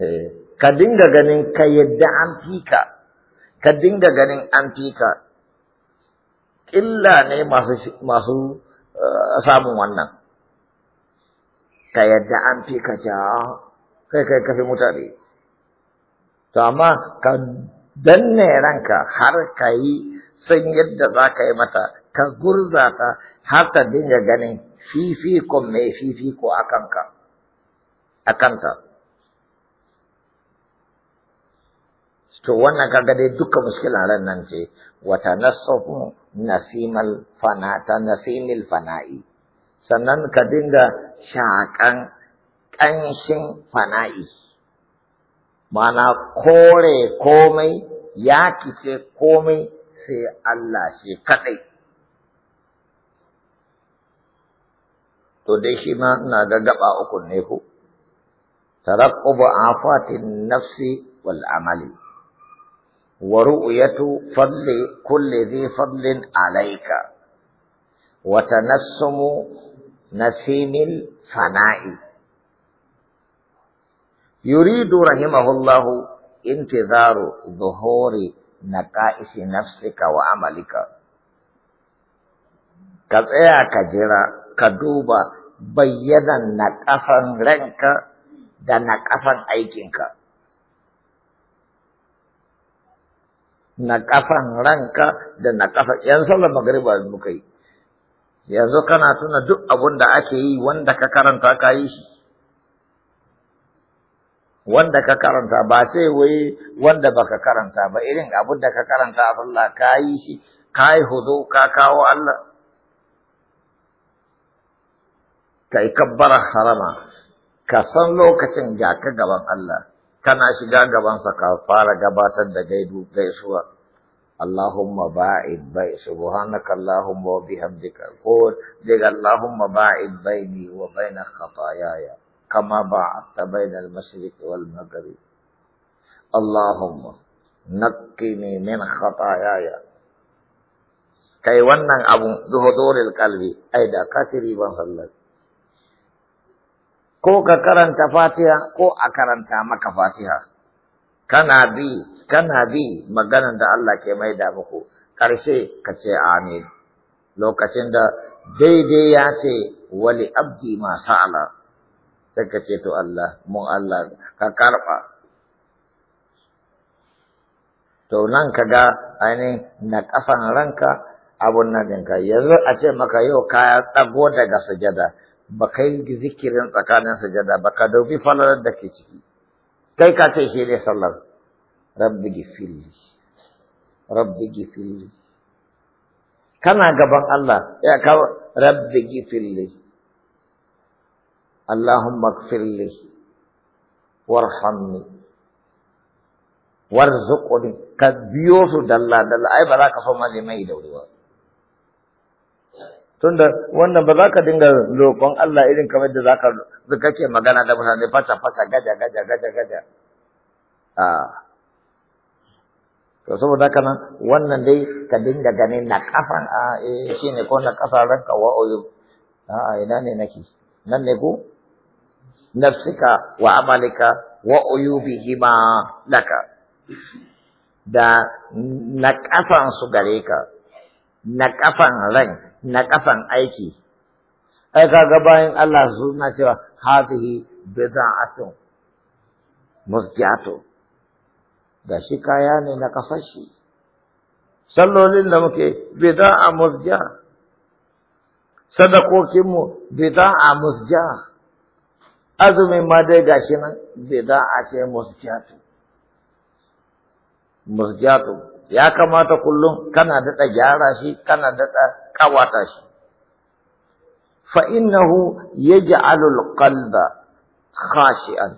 Eh, ka dinga ganin ka yadda an fika, ka dinga ganin an fika, illa ne masu eh, samun wannan. Ka yadda an fika ja, kai kai kafin mutane. To amma ka danne ranka har ka yi san yadda za ka yi mata ka gurza ta har ta dinga ganin fifikon mai fifiko a kanka a kanta to wannan kaga dai duka muskilan ran nan ce wata nasafu nasimal ta nasimil fana'i sannan ka dinga shakan ƙanshin fana'i mana kore komai ya kice komai sai Allah shi kadai. To dai shi ma ina ga gaba uku ne ku, tarakkubu afatin nafsi wal amali. ورؤية فضل كل ذي فضل wa tanassumu nasimil fana'i yuridu rahimahullahu intizaru zuhuri naqaisi nafsika wa amalika ka tsaya ka jira ka duba bayyanan naƙasan ranka da naƙasan aikinka. Naƙasan ranka da naƙasan, ‘yan sallar magariba muka yi, yanzu kana tuna duk abun da ake yi wanda ka karanta ka yi shi, wanda ka karanta ba sai wai wanda baka karanta ba irin abin da ka karanta a sallah ka yi shi ka yi hudu ka kawo Allah ka yi kabbarar harama ka san lokacin ga ka gaban Allah kana shiga gabansa ka fara gabatar da gaidu gaisuwa Allahumma ba'id bai subhanaka Allahumma wa bihamdika ko daga Allahumma ba'id baini wa كما بعدت بين المشرق والمغرب اللهم نقني من خطاياي kai wannan abu zuhuduril kalbi Aida, da kasiri ban sallar ko ka karanta fatiha ko a karanta maka fatiha kana bi kana bi maganan da Allah ke mai da muku karshe ka ce amin lokacin da daidai ya ce wali abdi ma sa'ala sai ka ce to Allah mun Allah ka karɓa to nan ka ga ainihin na kasan ranka abun nan ɗinka yanzu a ce maka yau ka ɗago daga sujada ba kai zikirin tsakanin sujada ba ka dubi falalar da ke ciki kai ka ce shi ne sallar rabbi gifirli rabbi gifirli kana gaban Allah ya ka rabbi gifirli اللهم اغفر لي وارحمني warzuqni ka biyo su dalla dalla ai ba za ka so ma je mai da wuri ba tunda wannan ba za ka dinga roƙon Allah irin kamar da za ka kake magana da mutane fata fata gaja gaja gaja gaja a to saboda haka nan wannan dai ka dinga ganin na kafan a eh shine ko na kafa ranka wa oyo a ina ne nake nan ne ko nafsika wa amalika wa uyubihima laka da na kafan su gare ka na kafan ran na kafan aiki ai ga bayan Allah suna cewa hadhihi bid'atun musjatu da shi kaya ne na kafashi sallolin da muke bid'a musjatu sadakokinmu a musja azumin ma dai gashi nan a ce musjatu musjatu ya kamata kullum kana daɗa gyara shi kana daɗa ƙawata shi fa innahu yaj'alu al-qalba khashi'an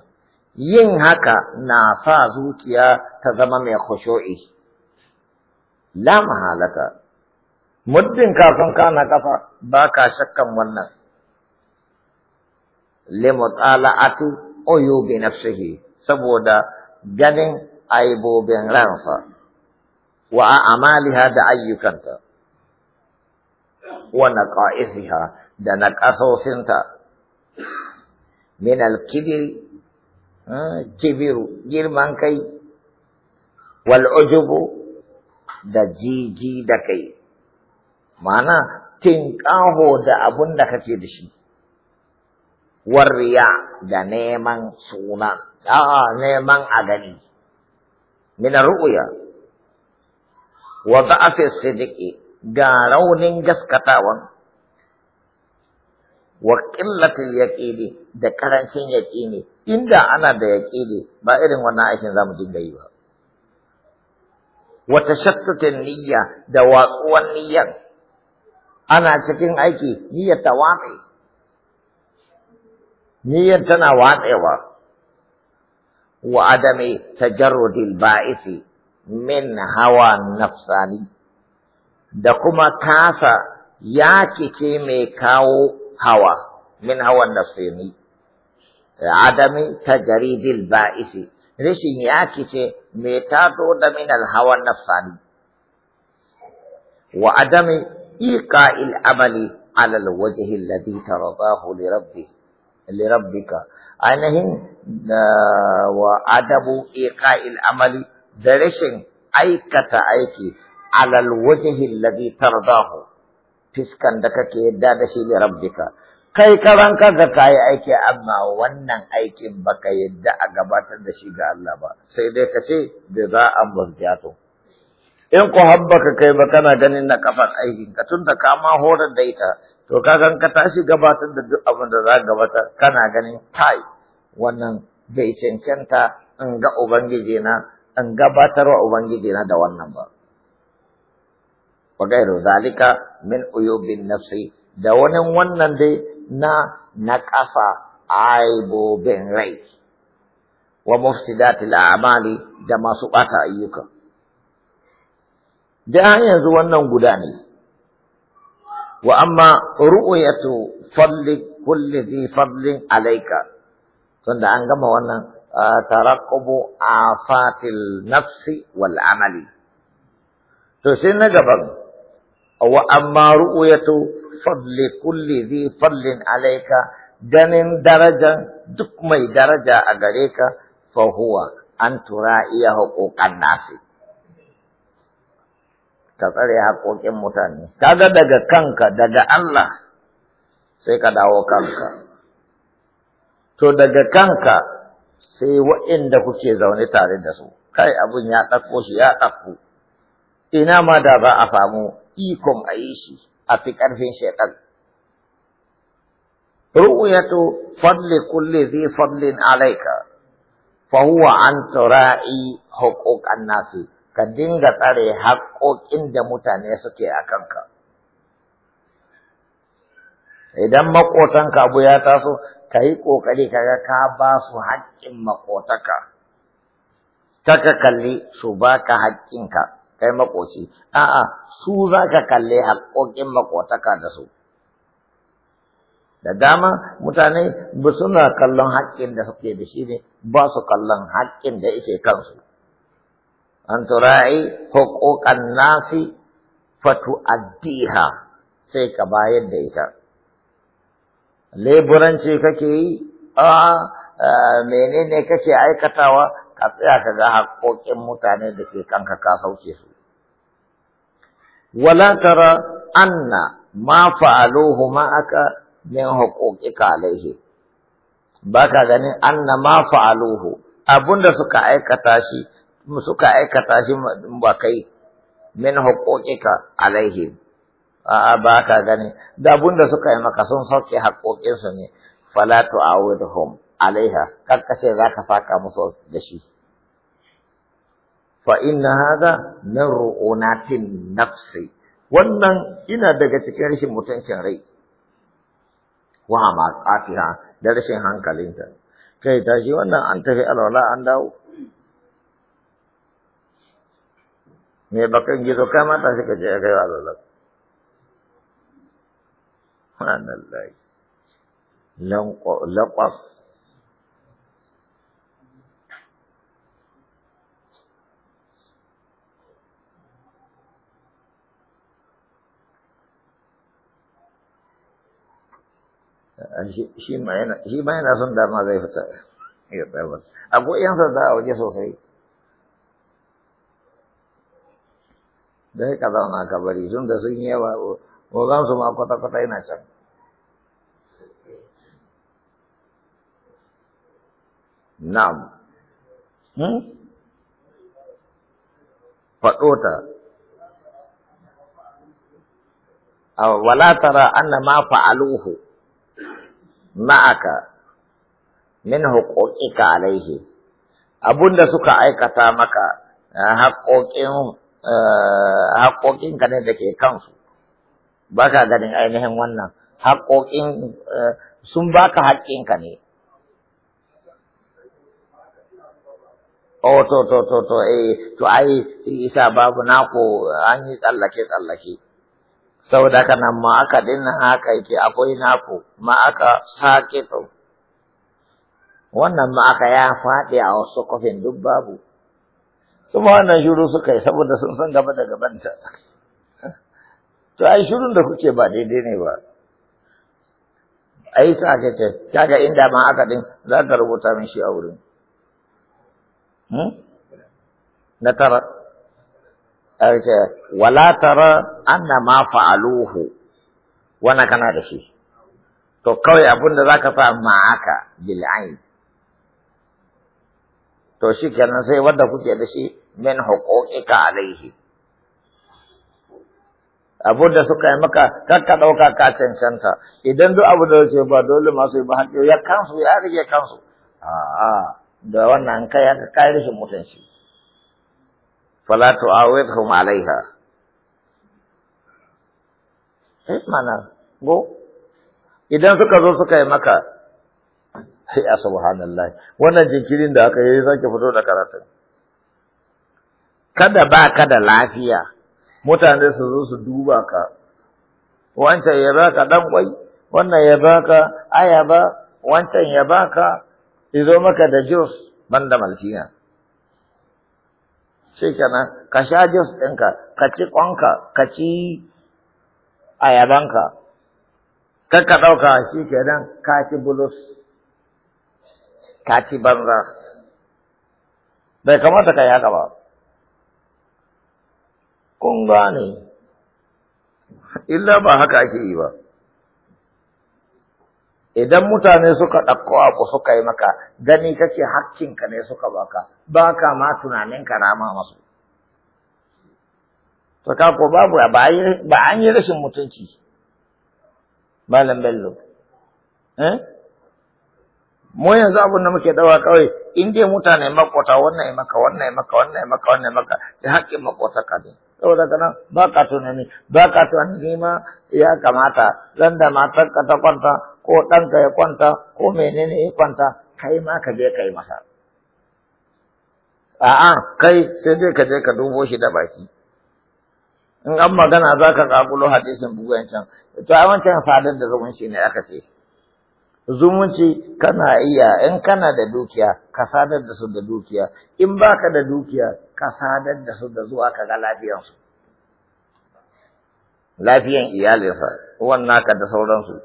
yin haka na sa zuciya ta zama mai khushu'i la mahalaka muddin kafin kana kafa ba ka shakkan wannan limutsala'ati na nafsihi saboda ganin aibobin ransa wa amaliha da ayyukanta wa naqaisiha da na min al kibiru girman kai wal da jiji da kai Mana tinƙaho da abun da kake da shi. Warriya da neman suna, a'a neman a gani, mina ru'uya, wa za'afi sidiki ga raunin gaskatawan, wa ƙillatin yaƙini da ƙarancin yaƙini, inda ana da yaƙini ba irin wannan aikin za mu dinga yi ba. Wata shattutin niyya da watsuwan niyyar. ana cikin aiki niyyar ta watse niyyar tana watsewa wa adami tajarrudil ba'isi min hawa nafsani da kuma kasa ya kike mai kawo hawa min hawan nafsani adami tajaridil ba'isi rashin ya kike mai tato da min hawan nafsani wa adami إيقاع العمل على الوجه الذي ترضاه لربه لربك ainihin wa adabu iqa'il amali da rashin aikata aiki alal wajhi alladhi tardahu fiskan da kake yadda da shi ne rabbika kai karan da kayi aiki amma wannan aikin baka yadda a gabatar da shi ga Allah ba sai dai ka ce bi za a murjatu in ku habbaka kai ba kana ganin na kafar aikin ka tun da ka ma horar da ita to ka gan ka tashi gabatar da duk abin da za gabatar kana ganin kai wannan bai cancanta in ga ubangiji na in gabatar wa ubangiji na da wannan ba wagai zalika min uyubin nafsi da wani wannan dai na na naƙasa aibobin rai wa mufsidatil a'mali da masu ɓata ayyuka da yanzu wannan guda ne wa amma ru'yatu fadli kulli dhi fadlin alayka tunda an gama wannan a afatil nafsi wal amali to sai na gaban wa amma ru'yatu fadli kulli dhi fadlin alayka ganin daraja, duk mai daraja a gare ka fa huwa an tura iya huquqan nasi ka tsare haƙoƙin mutane kaga daga kanka daga Allah sai ka dawo kanka to daga kanka sai waɗanda kuke zaune tare da su kai abin ya ɗauko shi ya ɗauko ina ma da za a samu ikon a yi shi a fi ƙarfin shaitan fadli kulli zai fadlin alaika fa huwa an tura'i huquq nasi ka dinga tsare haƙoƙin da mutane suke a kanka. Idan maƙotanka abu ya taso, ka yi ƙoƙari kaga ka ba su haƙƙin maƙotaka. Taka kalli su ba ka haƙƙinka, kai maƙoci. A'a, su za ka kalli haƙoƙin maƙotaka da su. Da dama mutane ba suna kallon haƙƙin da suke da shi ne, ba su kallon haƙƙin da yake kansu. an tura'i nasi nasi fatu'addiha sai ka bayar da ita leburanci kake yi a menene kake aikatawa ka tsaya ka ga haƙoƙin mutane da ke kanka ka sauke su wala tara anna ma fa'aluhu ma'aka min ka alaihi baka ganin anna ma fa'aluhu abunda suka aikata shi suka aikata shi ba kai min haƙoƙika alaihim a'a ba ka gani da da suka yi maka sun sauke haƙoƙinsu ne fala tu'awidhum alaiha karkace za ka saka musu da shi fa inna hadha min ru'unatin nafsi wannan ina daga cikin rashin mutuncin rai wa ma da rashin hankalinta kai tashi wannan an tafi alwala an dawo mai bakan gizo kai mata shi ka je ya gaiwa Allah subhanallah lanqas shi ma yana son dama zai fita ya tsawar akwai yan sanda a waje sosai dai ka zauna ka bari sun da sun yawa ogan su ma kwata-kwata yana can na'am hmm? aw wala tara anna ma fa'aluhu ma'aka min huquqika alayhi abunda suka aikata maka eh, haƙoƙin Eh, haƙoƙinka ne da ke kansu ba ka ganin ainihin wannan haƙoƙin eh, sun baka haƙƙinka ne oh, to, to, to, to, eh, ai, isa babu nako an yi tsallake-tsallake. Saboda ka nan ma aka dinna haka yake akwai nako, ma aka sake to. Wannan ma aka ya faɗi a wasu kofin duk babu. kuma wannan shiru suka yi saboda sun san gaba da gabanta to ai shirun da kuke ba daidai ne ba ai sa ka ce kaga inda ma aka din za ka rubuta min shi a wurin hmm? na tara ake wala tara anna ma fa'aluhu wana kana da shi to kawai abin da za ka sa aka bil'ain to shi kenan sai wanda kuke da shi min huquqika alaihi abu da suka yi maka kakka dauka ka cancanta idan duk abu da ce ba dole masu yi ba haƙƙi ya kansu ya rage kansu a a da wannan kai ka kai rashin mutunci fala tu tu'awidhum alaiha eh mana go idan suka zo suka yi maka sai a subhanallah wannan jinkirin da aka yi zaki fito da karatun kada ba ka da lafiya mutane su zo su duba ka wancan ya baka dan kwai wannan ya baka ayaba wancan ya baka izo maka da juice da maltina sai kana ka sha jos ɗinka ka ci ƙwanka ka ci ayabanka kakka ka ɗauka shi kenan ka ci bulus ka ci banza bai kamata ka yi haka ba kun gane illa ba haka ake yi ba idan mutane suka ɗauko abu suka yi maka gani kake hakkinka ne suka baka ba ka ma tunanin karama masu to ka ko babu ba an yi rashin mutunci malam bello eh mu yanzu abin da muke dawa kawai in dai mutane makota wannan maka wannan maka wannan maka wannan maka sai haƙƙin makota ka ne saboda kana ba ka tunani ba ka tunani ma ya kamata zan da matar ka ta kwanta ko ka ya kwanta ko menene ya kwanta kai ma ka je kai masa a'a kai sai dai ka je ka dubo shi da baki in an magana za ka ƙaƙulo hadisin bugayen can to a wancan fadar da zumunci ne aka ce zumunci kana iya in kana da dukiya ka sadar da su da dukiya in baka da dukiya ka sadar da su da zuwa ka ga lafiyansu lafiyan iyalinsa uwan naka da sauransu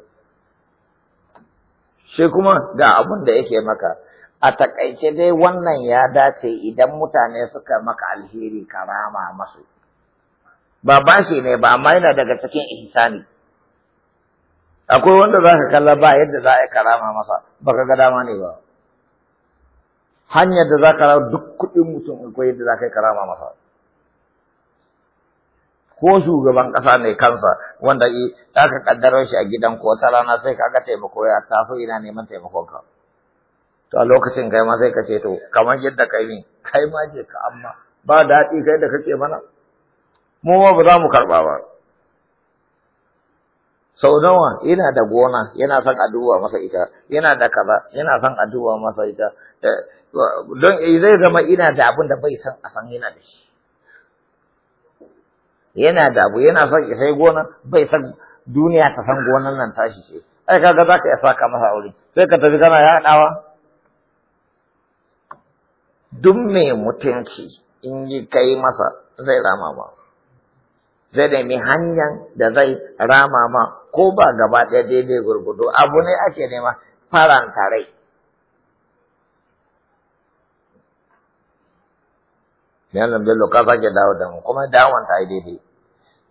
shi kuma ga abin da yake maka a takaice dai wannan ya dace idan mutane suka maka alheri karama masu ba bashi ne ba amma yana daga cikin ihsani akwai wanda za ka kalla ba yadda za a yi karama masa ba ka ga dama ne ba hanyar da za ka rawa duk kuɗin mutum akwai yadda za ka yi karama masa ko shugaban ƙasa ne kansa wanda za ka ƙaddarar shi a gidan ko ta rana sai ka ga taimako ya tafi ina neman taimakon ka to a lokacin kai ma sai ka ce to kamar yadda kai ne kai ma je ka amma ba daɗi kai da kake mana mu ma ba za mu karɓa ba sau nawa yana da gona yana son a duba masa ita yana da kaza yana son a duba masa ita eh, don eh, zai zama ina da abin da bai san a san yana da shi yana da abu yana son ya sai gona bai san duniya ta san gonan nan tashi ce ai kaga za ka saka masa aure sai ka tafi kana yaɗawa duk mai mutunci in yi kai masa zai rama ma zai nemi hanyar da zai rama ma ko ba gaba ɗaya daidai gurgudu abu ne ake nema faranta rai Yalan bello ka sake dawo da mu kuma dawon ta yi daidai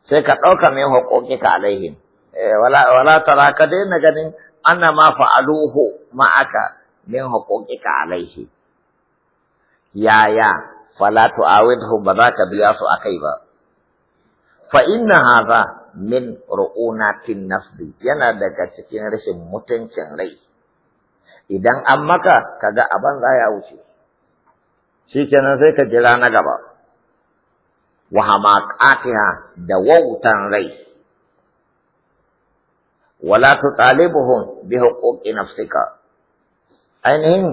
sai ka ɗauka mai haƙoƙi ka alaihim eh, wala tara ka daina ganin ana ma fa'aluhu aka min haƙoƙi ka alaihi yaya fala tu'awidhu ba za ka biya su a kai ba fa inna haza. min ru'unatin nafsi yana daga cikin rashin mutuncin rai idan an maka kaga aban za ya wuce shikenan sai ka jira na gaba wa hamaqatiha da wautan rai wala tutalibuhum bi huquqi nafsika ainihin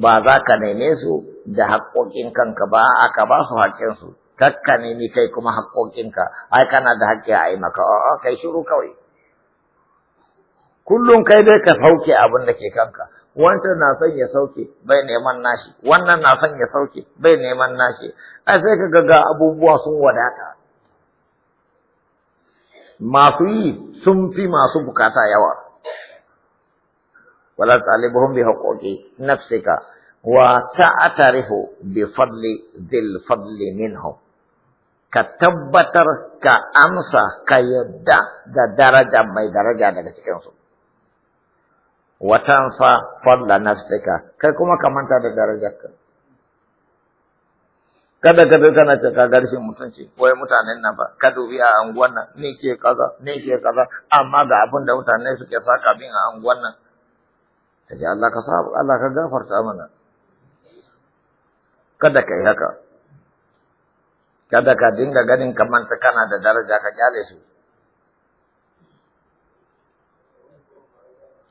ba za ka neme su da haƙoƙin kanka ba aka ba su haƙƙinsu kakka ne ni kai kuma haƙoƙinka ai kana da haƙƙi a yi maka a'a kai shiru kawai kullum kai dai ka sauke abin da ke kanka wancan na son ya sauke bai neman nashi wannan na son ya sauke bai neman nashi ai sai ka ga abubuwa sun wadata masu yi sun fi masu bukata yawa wala talibuhum bi haqqi nafsika wa ta'tarifu bi fadli dhil fadli minhum ka tabbatar ka amsa ka yadda da daraja mai daraja daga cikinsu. Watan fa fadla nafsika kai kuma ka manta da ka. Kada ka duka na cika garshin mutunci, wai mutanen nan ba, ka dubi a anguwan nan, ni ke kaza, ni ke kaza, amma ga abin da mutane suke saka bin a anguwan nan. ji Allah ka sa, Allah ka gafarta mana. Kada ka yi haka. kada ka dinga ganin kamanta kana da daraja ka kyale su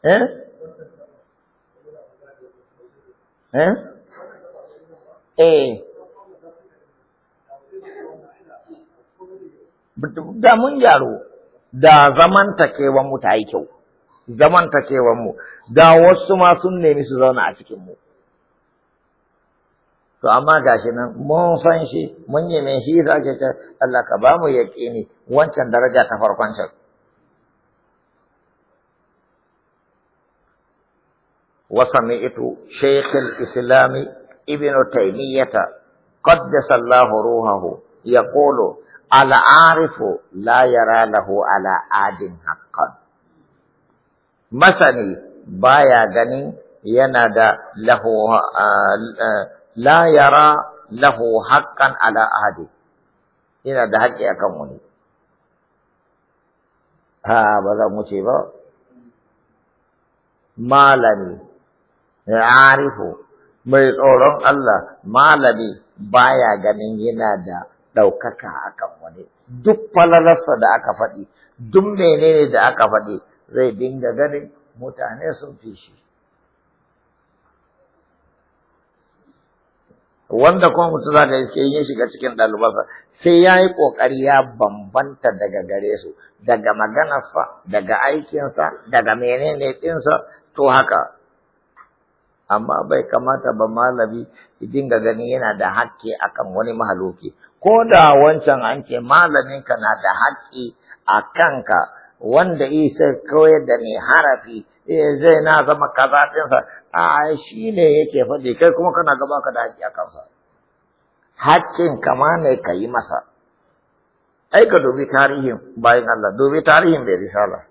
eh eh eh da mun yaro da zamantakewan mu ta yi kyau zamantakewan mu da wasu ma sun nemi su zauna a cikin mu to amma gashi nan mun san shi mun yi mai shi za ka ce Allah ka ba mu yaqini wancan daraja ta farkon shi wa sami'tu shaykh al-islam ibn taymiyyah qaddasa Allah ruhahu yaqulu al-arifu la yara lahu ala adin haqqan masani baya ganin yana da lahu ah, ah, la yara lahu haqqan ala ahadi yana da haƙƙi akan wani Ha ba za mu ce ba malami arifu mai tsoron Allah malami baya ganin yana da ɗaukaka akan wani duk falalarsa da aka faɗi duk menene da aka faɗi zai dinga ganin mutane sun fi shi wanda kuma mutum za ka iske yin shiga cikin ɗalibansa sai ya yi ƙoƙari ya bambanta daga gare su daga maganarsa daga aikinsa daga menene ɗinsa to haka amma bai kamata ba malami ki dinga gani yana da haƙƙi akan wani mahaluki ko da wancan an ce malaminka na da haƙƙi a kanka wanda isa kawai da ni harafi eh, zai na zama kazafinsa a shi ne yake faɗi kai kuma kana gaba ka da haƙƙi a kansa haƙƙin kama ne ka yi masa ai ka dubi tarihin bayan Allah dubi tarihin bai risala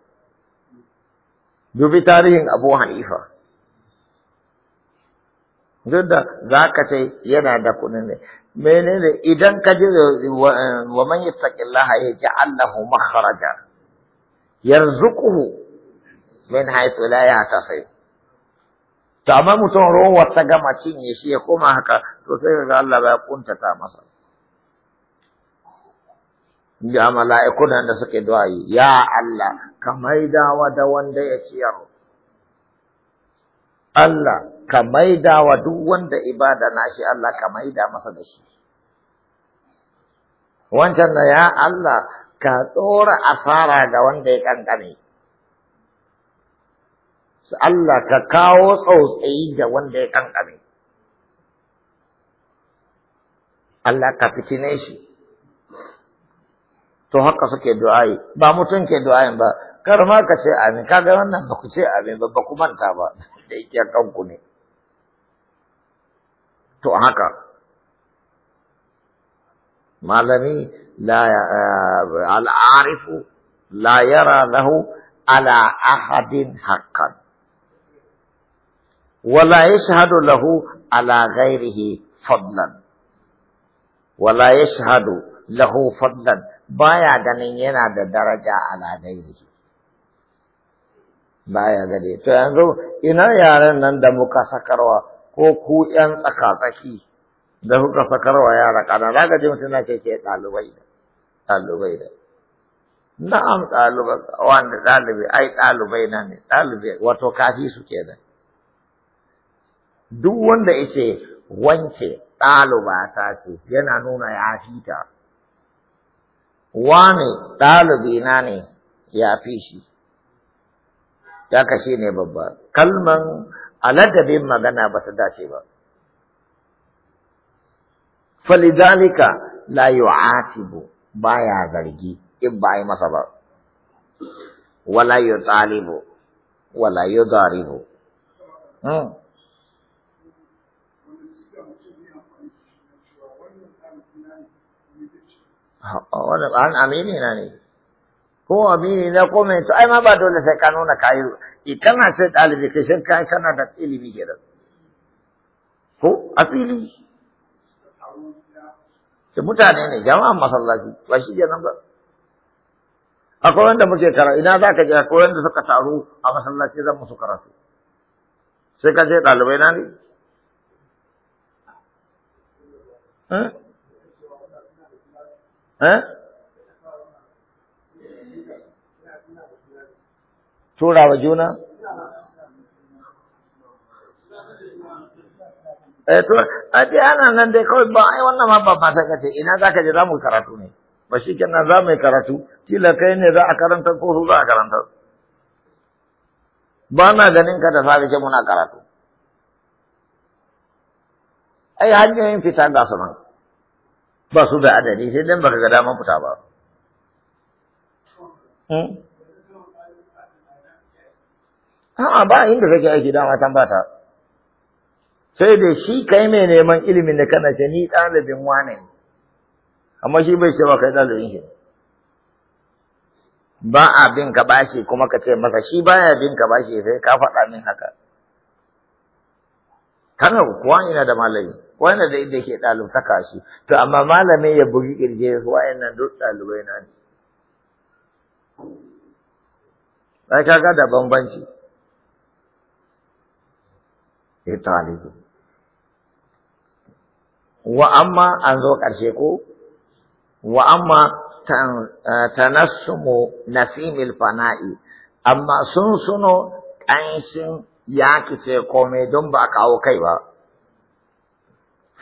dubi tarihin Abu Hanifa duk da za ka ce yana da kuɗi ne menene idan ka ji wa man yattaqillaha yaj'al lahu makhraja yarzuquhu min haythu la yahtasib to amma mutum rowar ta gama cinye shi ya koma haka to sai ga Allah ba kuntata masa ga mala'iku da suke du'ayi ya Allah ka wa da wanda ya ciyar Allah ka wa duk wanda ibada na shi Allah ka maida masa da shi wancan na ya Allah ka tsora asara ga wanda ya kankane. Su Allah ka kawo tsautsayi ga wanda ya kankane. Allah ka fitine shi. To haka suke du'ayi, ba mutum ke du'ayin ba, kar ma ka ce amin, kaga wannan ba ku ce amin ba, ba ku manta ba, da yake kanku ne. To haka. ما لم لا آه، العارف لا يرى له على احد حقا ولا يشهد له على غيره فضلا ولا يشهد له فضلا بايا غني ينا درجة على غيره بايا غني تو يعني انا يا رنان دمو كسكروا كو كو ين سكاتكي da kuka wa yara kana za ka ji mutum na ce ce ɗalibai da ɗalibai da na'am ɗalibai wanda ɗalibai ai ɗalibai na ne ɗalibai wato kafi su ke da duk wanda yake wance ɗaliba ta ce yana nuna ya fi ta wane ɗalibi na ne ya fi shi ya kashe ne babba kalman aladabin magana ba ta dace ba falidalika la yu'atibu baya zargi in ba yi masa ba wala talibu wala daribu hmm. wani an amini na ne ko amini na ko mai to ai ma ba dole sai ka nuna kayi i kana sai ɗalibi kai sai kai kana da ilimi kenan ko a fili da mutane ne jama'an masallaci ba shi ke nan ba akwai wanda muke karatu ina za ka je akwai wanda suka taru a masallaci zan musu karatu sai ka je ɗalibai na ne eh? Eh? Tura wa juna? Eh, to a ji ana nan dai kawai ba ai wannan ma ba mata kace ina zaka je za mu karatu ne ba shi kenan za mu karatu kila kai ne za a karanta ko su za a karanta ba na ganin ka da safe ce muna karatu ai hanyoyin fita ga su nan ba su da adadi sai dan baka ga daman fita ba hmm? A'a ba inda kake aiki dama tambata. sai da shi kai mai neman ilimin da kana ce ni ɗalibin wane ne amma shi bai ce ba kai ɗalibin shi ba a bin ka bashi kuma ka ce masa shi baya bin ka bashi sai ka faɗa min haka kana kuwa ina da malami wanda da inda ke saka shi to amma malami ya bugi kirje wa'annan duk ɗalibai na ne ka ga da bambanci li talibi wa amma an zo ƙarshe ko wa amma eh, tanassumu nasimil fana'i amma sun suno ƙanshin ya kice komai don ba a kawo kai ba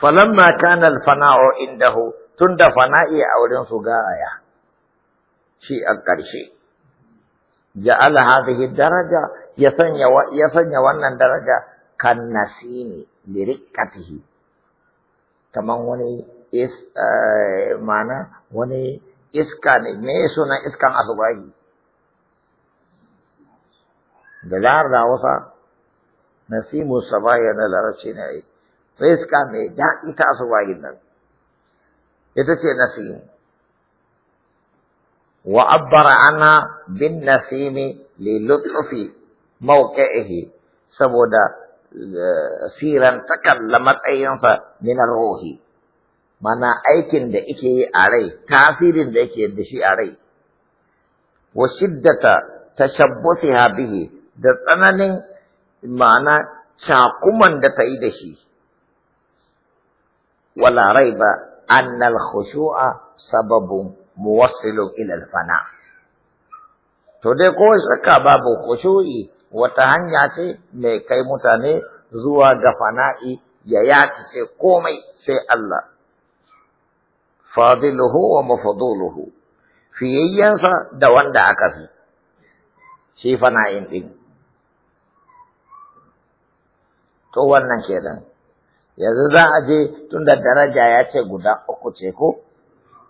falamma kana al-fana'u indahu tunda fana'i a wurin su gaya shi a ƙarshe ja'ala hadhihi daraja ya sanya wannan daraja kan nasimi lirikkatihi kaman wani is eh, mana wani iska ne me suna iskan asubahi da zarar da wasa nasimu sabaya na larabci ne ai sai iska mai daɗi ta asubahin nan ita ce nasimu wa abbara ana bin nasimi li mawqi'ihi saboda siran takalla matsayinsa min ruhi mana aikin da yake yi a rai tasirin da yake da shi a rai wa shiddata tashabbusiha bihi da tsananin ma'ana cakuman da ta yi da shi wala raiba أن muwassilun ilal fana, to dai ko shakka babu khushu'i wata hanya ce mai kai mutane zuwa ga fana'i ya ce komai sai Allah. Fadiluhu wa mafaduluhu, fiyayyensa da wanda aka fi, shi fana'in ɗin. To wannan kenan, yanzu za a je tun da daraja ya ce guda uku ce ko,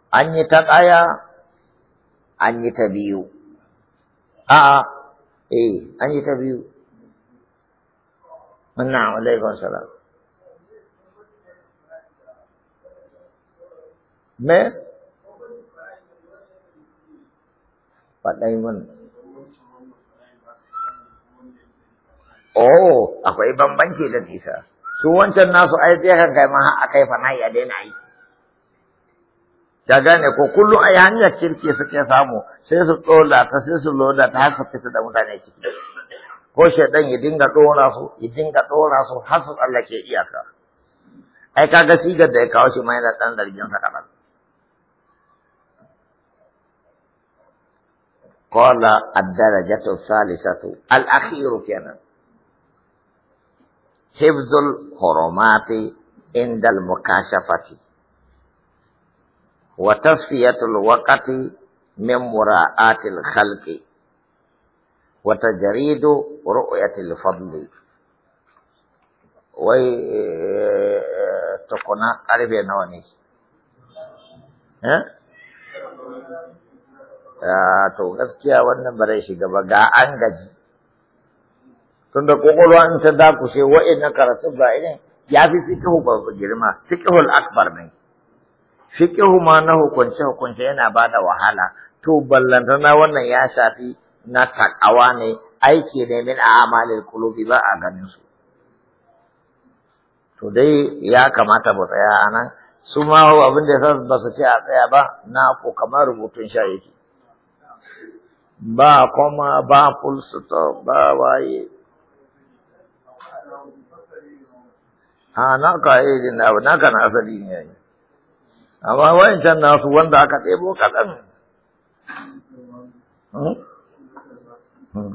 an yi ta ɗaya, an yi ta biyu. A'a, eh an yi ta biyu wannan alaikun salam me faɗai mun oh akwai bambanci da nisa su wancan nasu ai sai kai ma a kai fana'i ya daina yi ta gane ko kullu ai hanyar kirki suke samu sai su tsola ta sai su loda ta haka fita da mutane ciki ko shedan ya dinga dora su ya dinga dora su har su tsallake iyaka ai kaga sigar da ya kawo shi ma yana dan zargin sa kaba قال الدرجة الثالثة الأخير كان حفظ الحرمات عند المكاشفة وتصفية الوقت من مراءات الخلق وتجريد رؤية الفضل وي تقنا قريب نوني ها آه، تو غسكيا وانا بريشي غبا غا انغج تند كوكولو انت دا كوشي وإنك رسول بائنين يا في فكه هو جرما فكه الأكبر منك fiqhu ma na hukunce hukunce yana ba da wahala to ballantana wannan ya shafi na takawa ne aiki ne min a'malil kulubi ba a ganin su to dai ya kamata mu tsaya anan su ma abin da yasa ba su ce a tsaya ba na ku kamar rubutun sha yake ba kuma ba full stop ba waye a ka yi na ka na asali ne amma wayancan nasu wanda aka ɗebo kaɗan hmm? Hmm.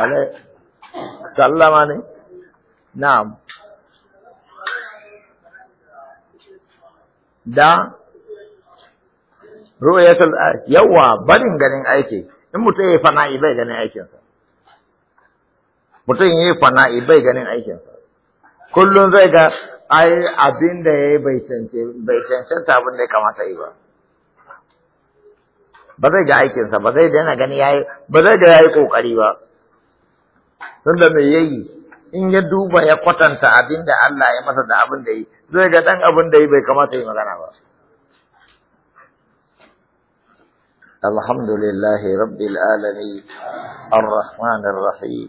عليه سلم عليه نعم ya ru'yatul yawa barin ganin aiki in mutum ya fana'i bai ganin aikinsa mutum ya fana'i bai ganin aikinsa kullum zai ga ai abin da ya bai bai cancanta abin da ya kamata yi ba ba zai ga aikinsa ba zai daina gani yayi ba zai ga yayi kokari ba tunda me yayi in ya duba ya kwatanta abin da Allah ya masa da abin da yi zai ga dan abin da yi bai kamata yi magana ba alhamdulillahi rabbil alamin arrahmanir rahim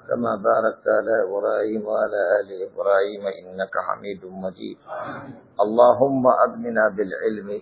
كما باركت على إبراهيم وعلى آل إبراهيم إنك حميد مجيد اللهم أبننا بالعلم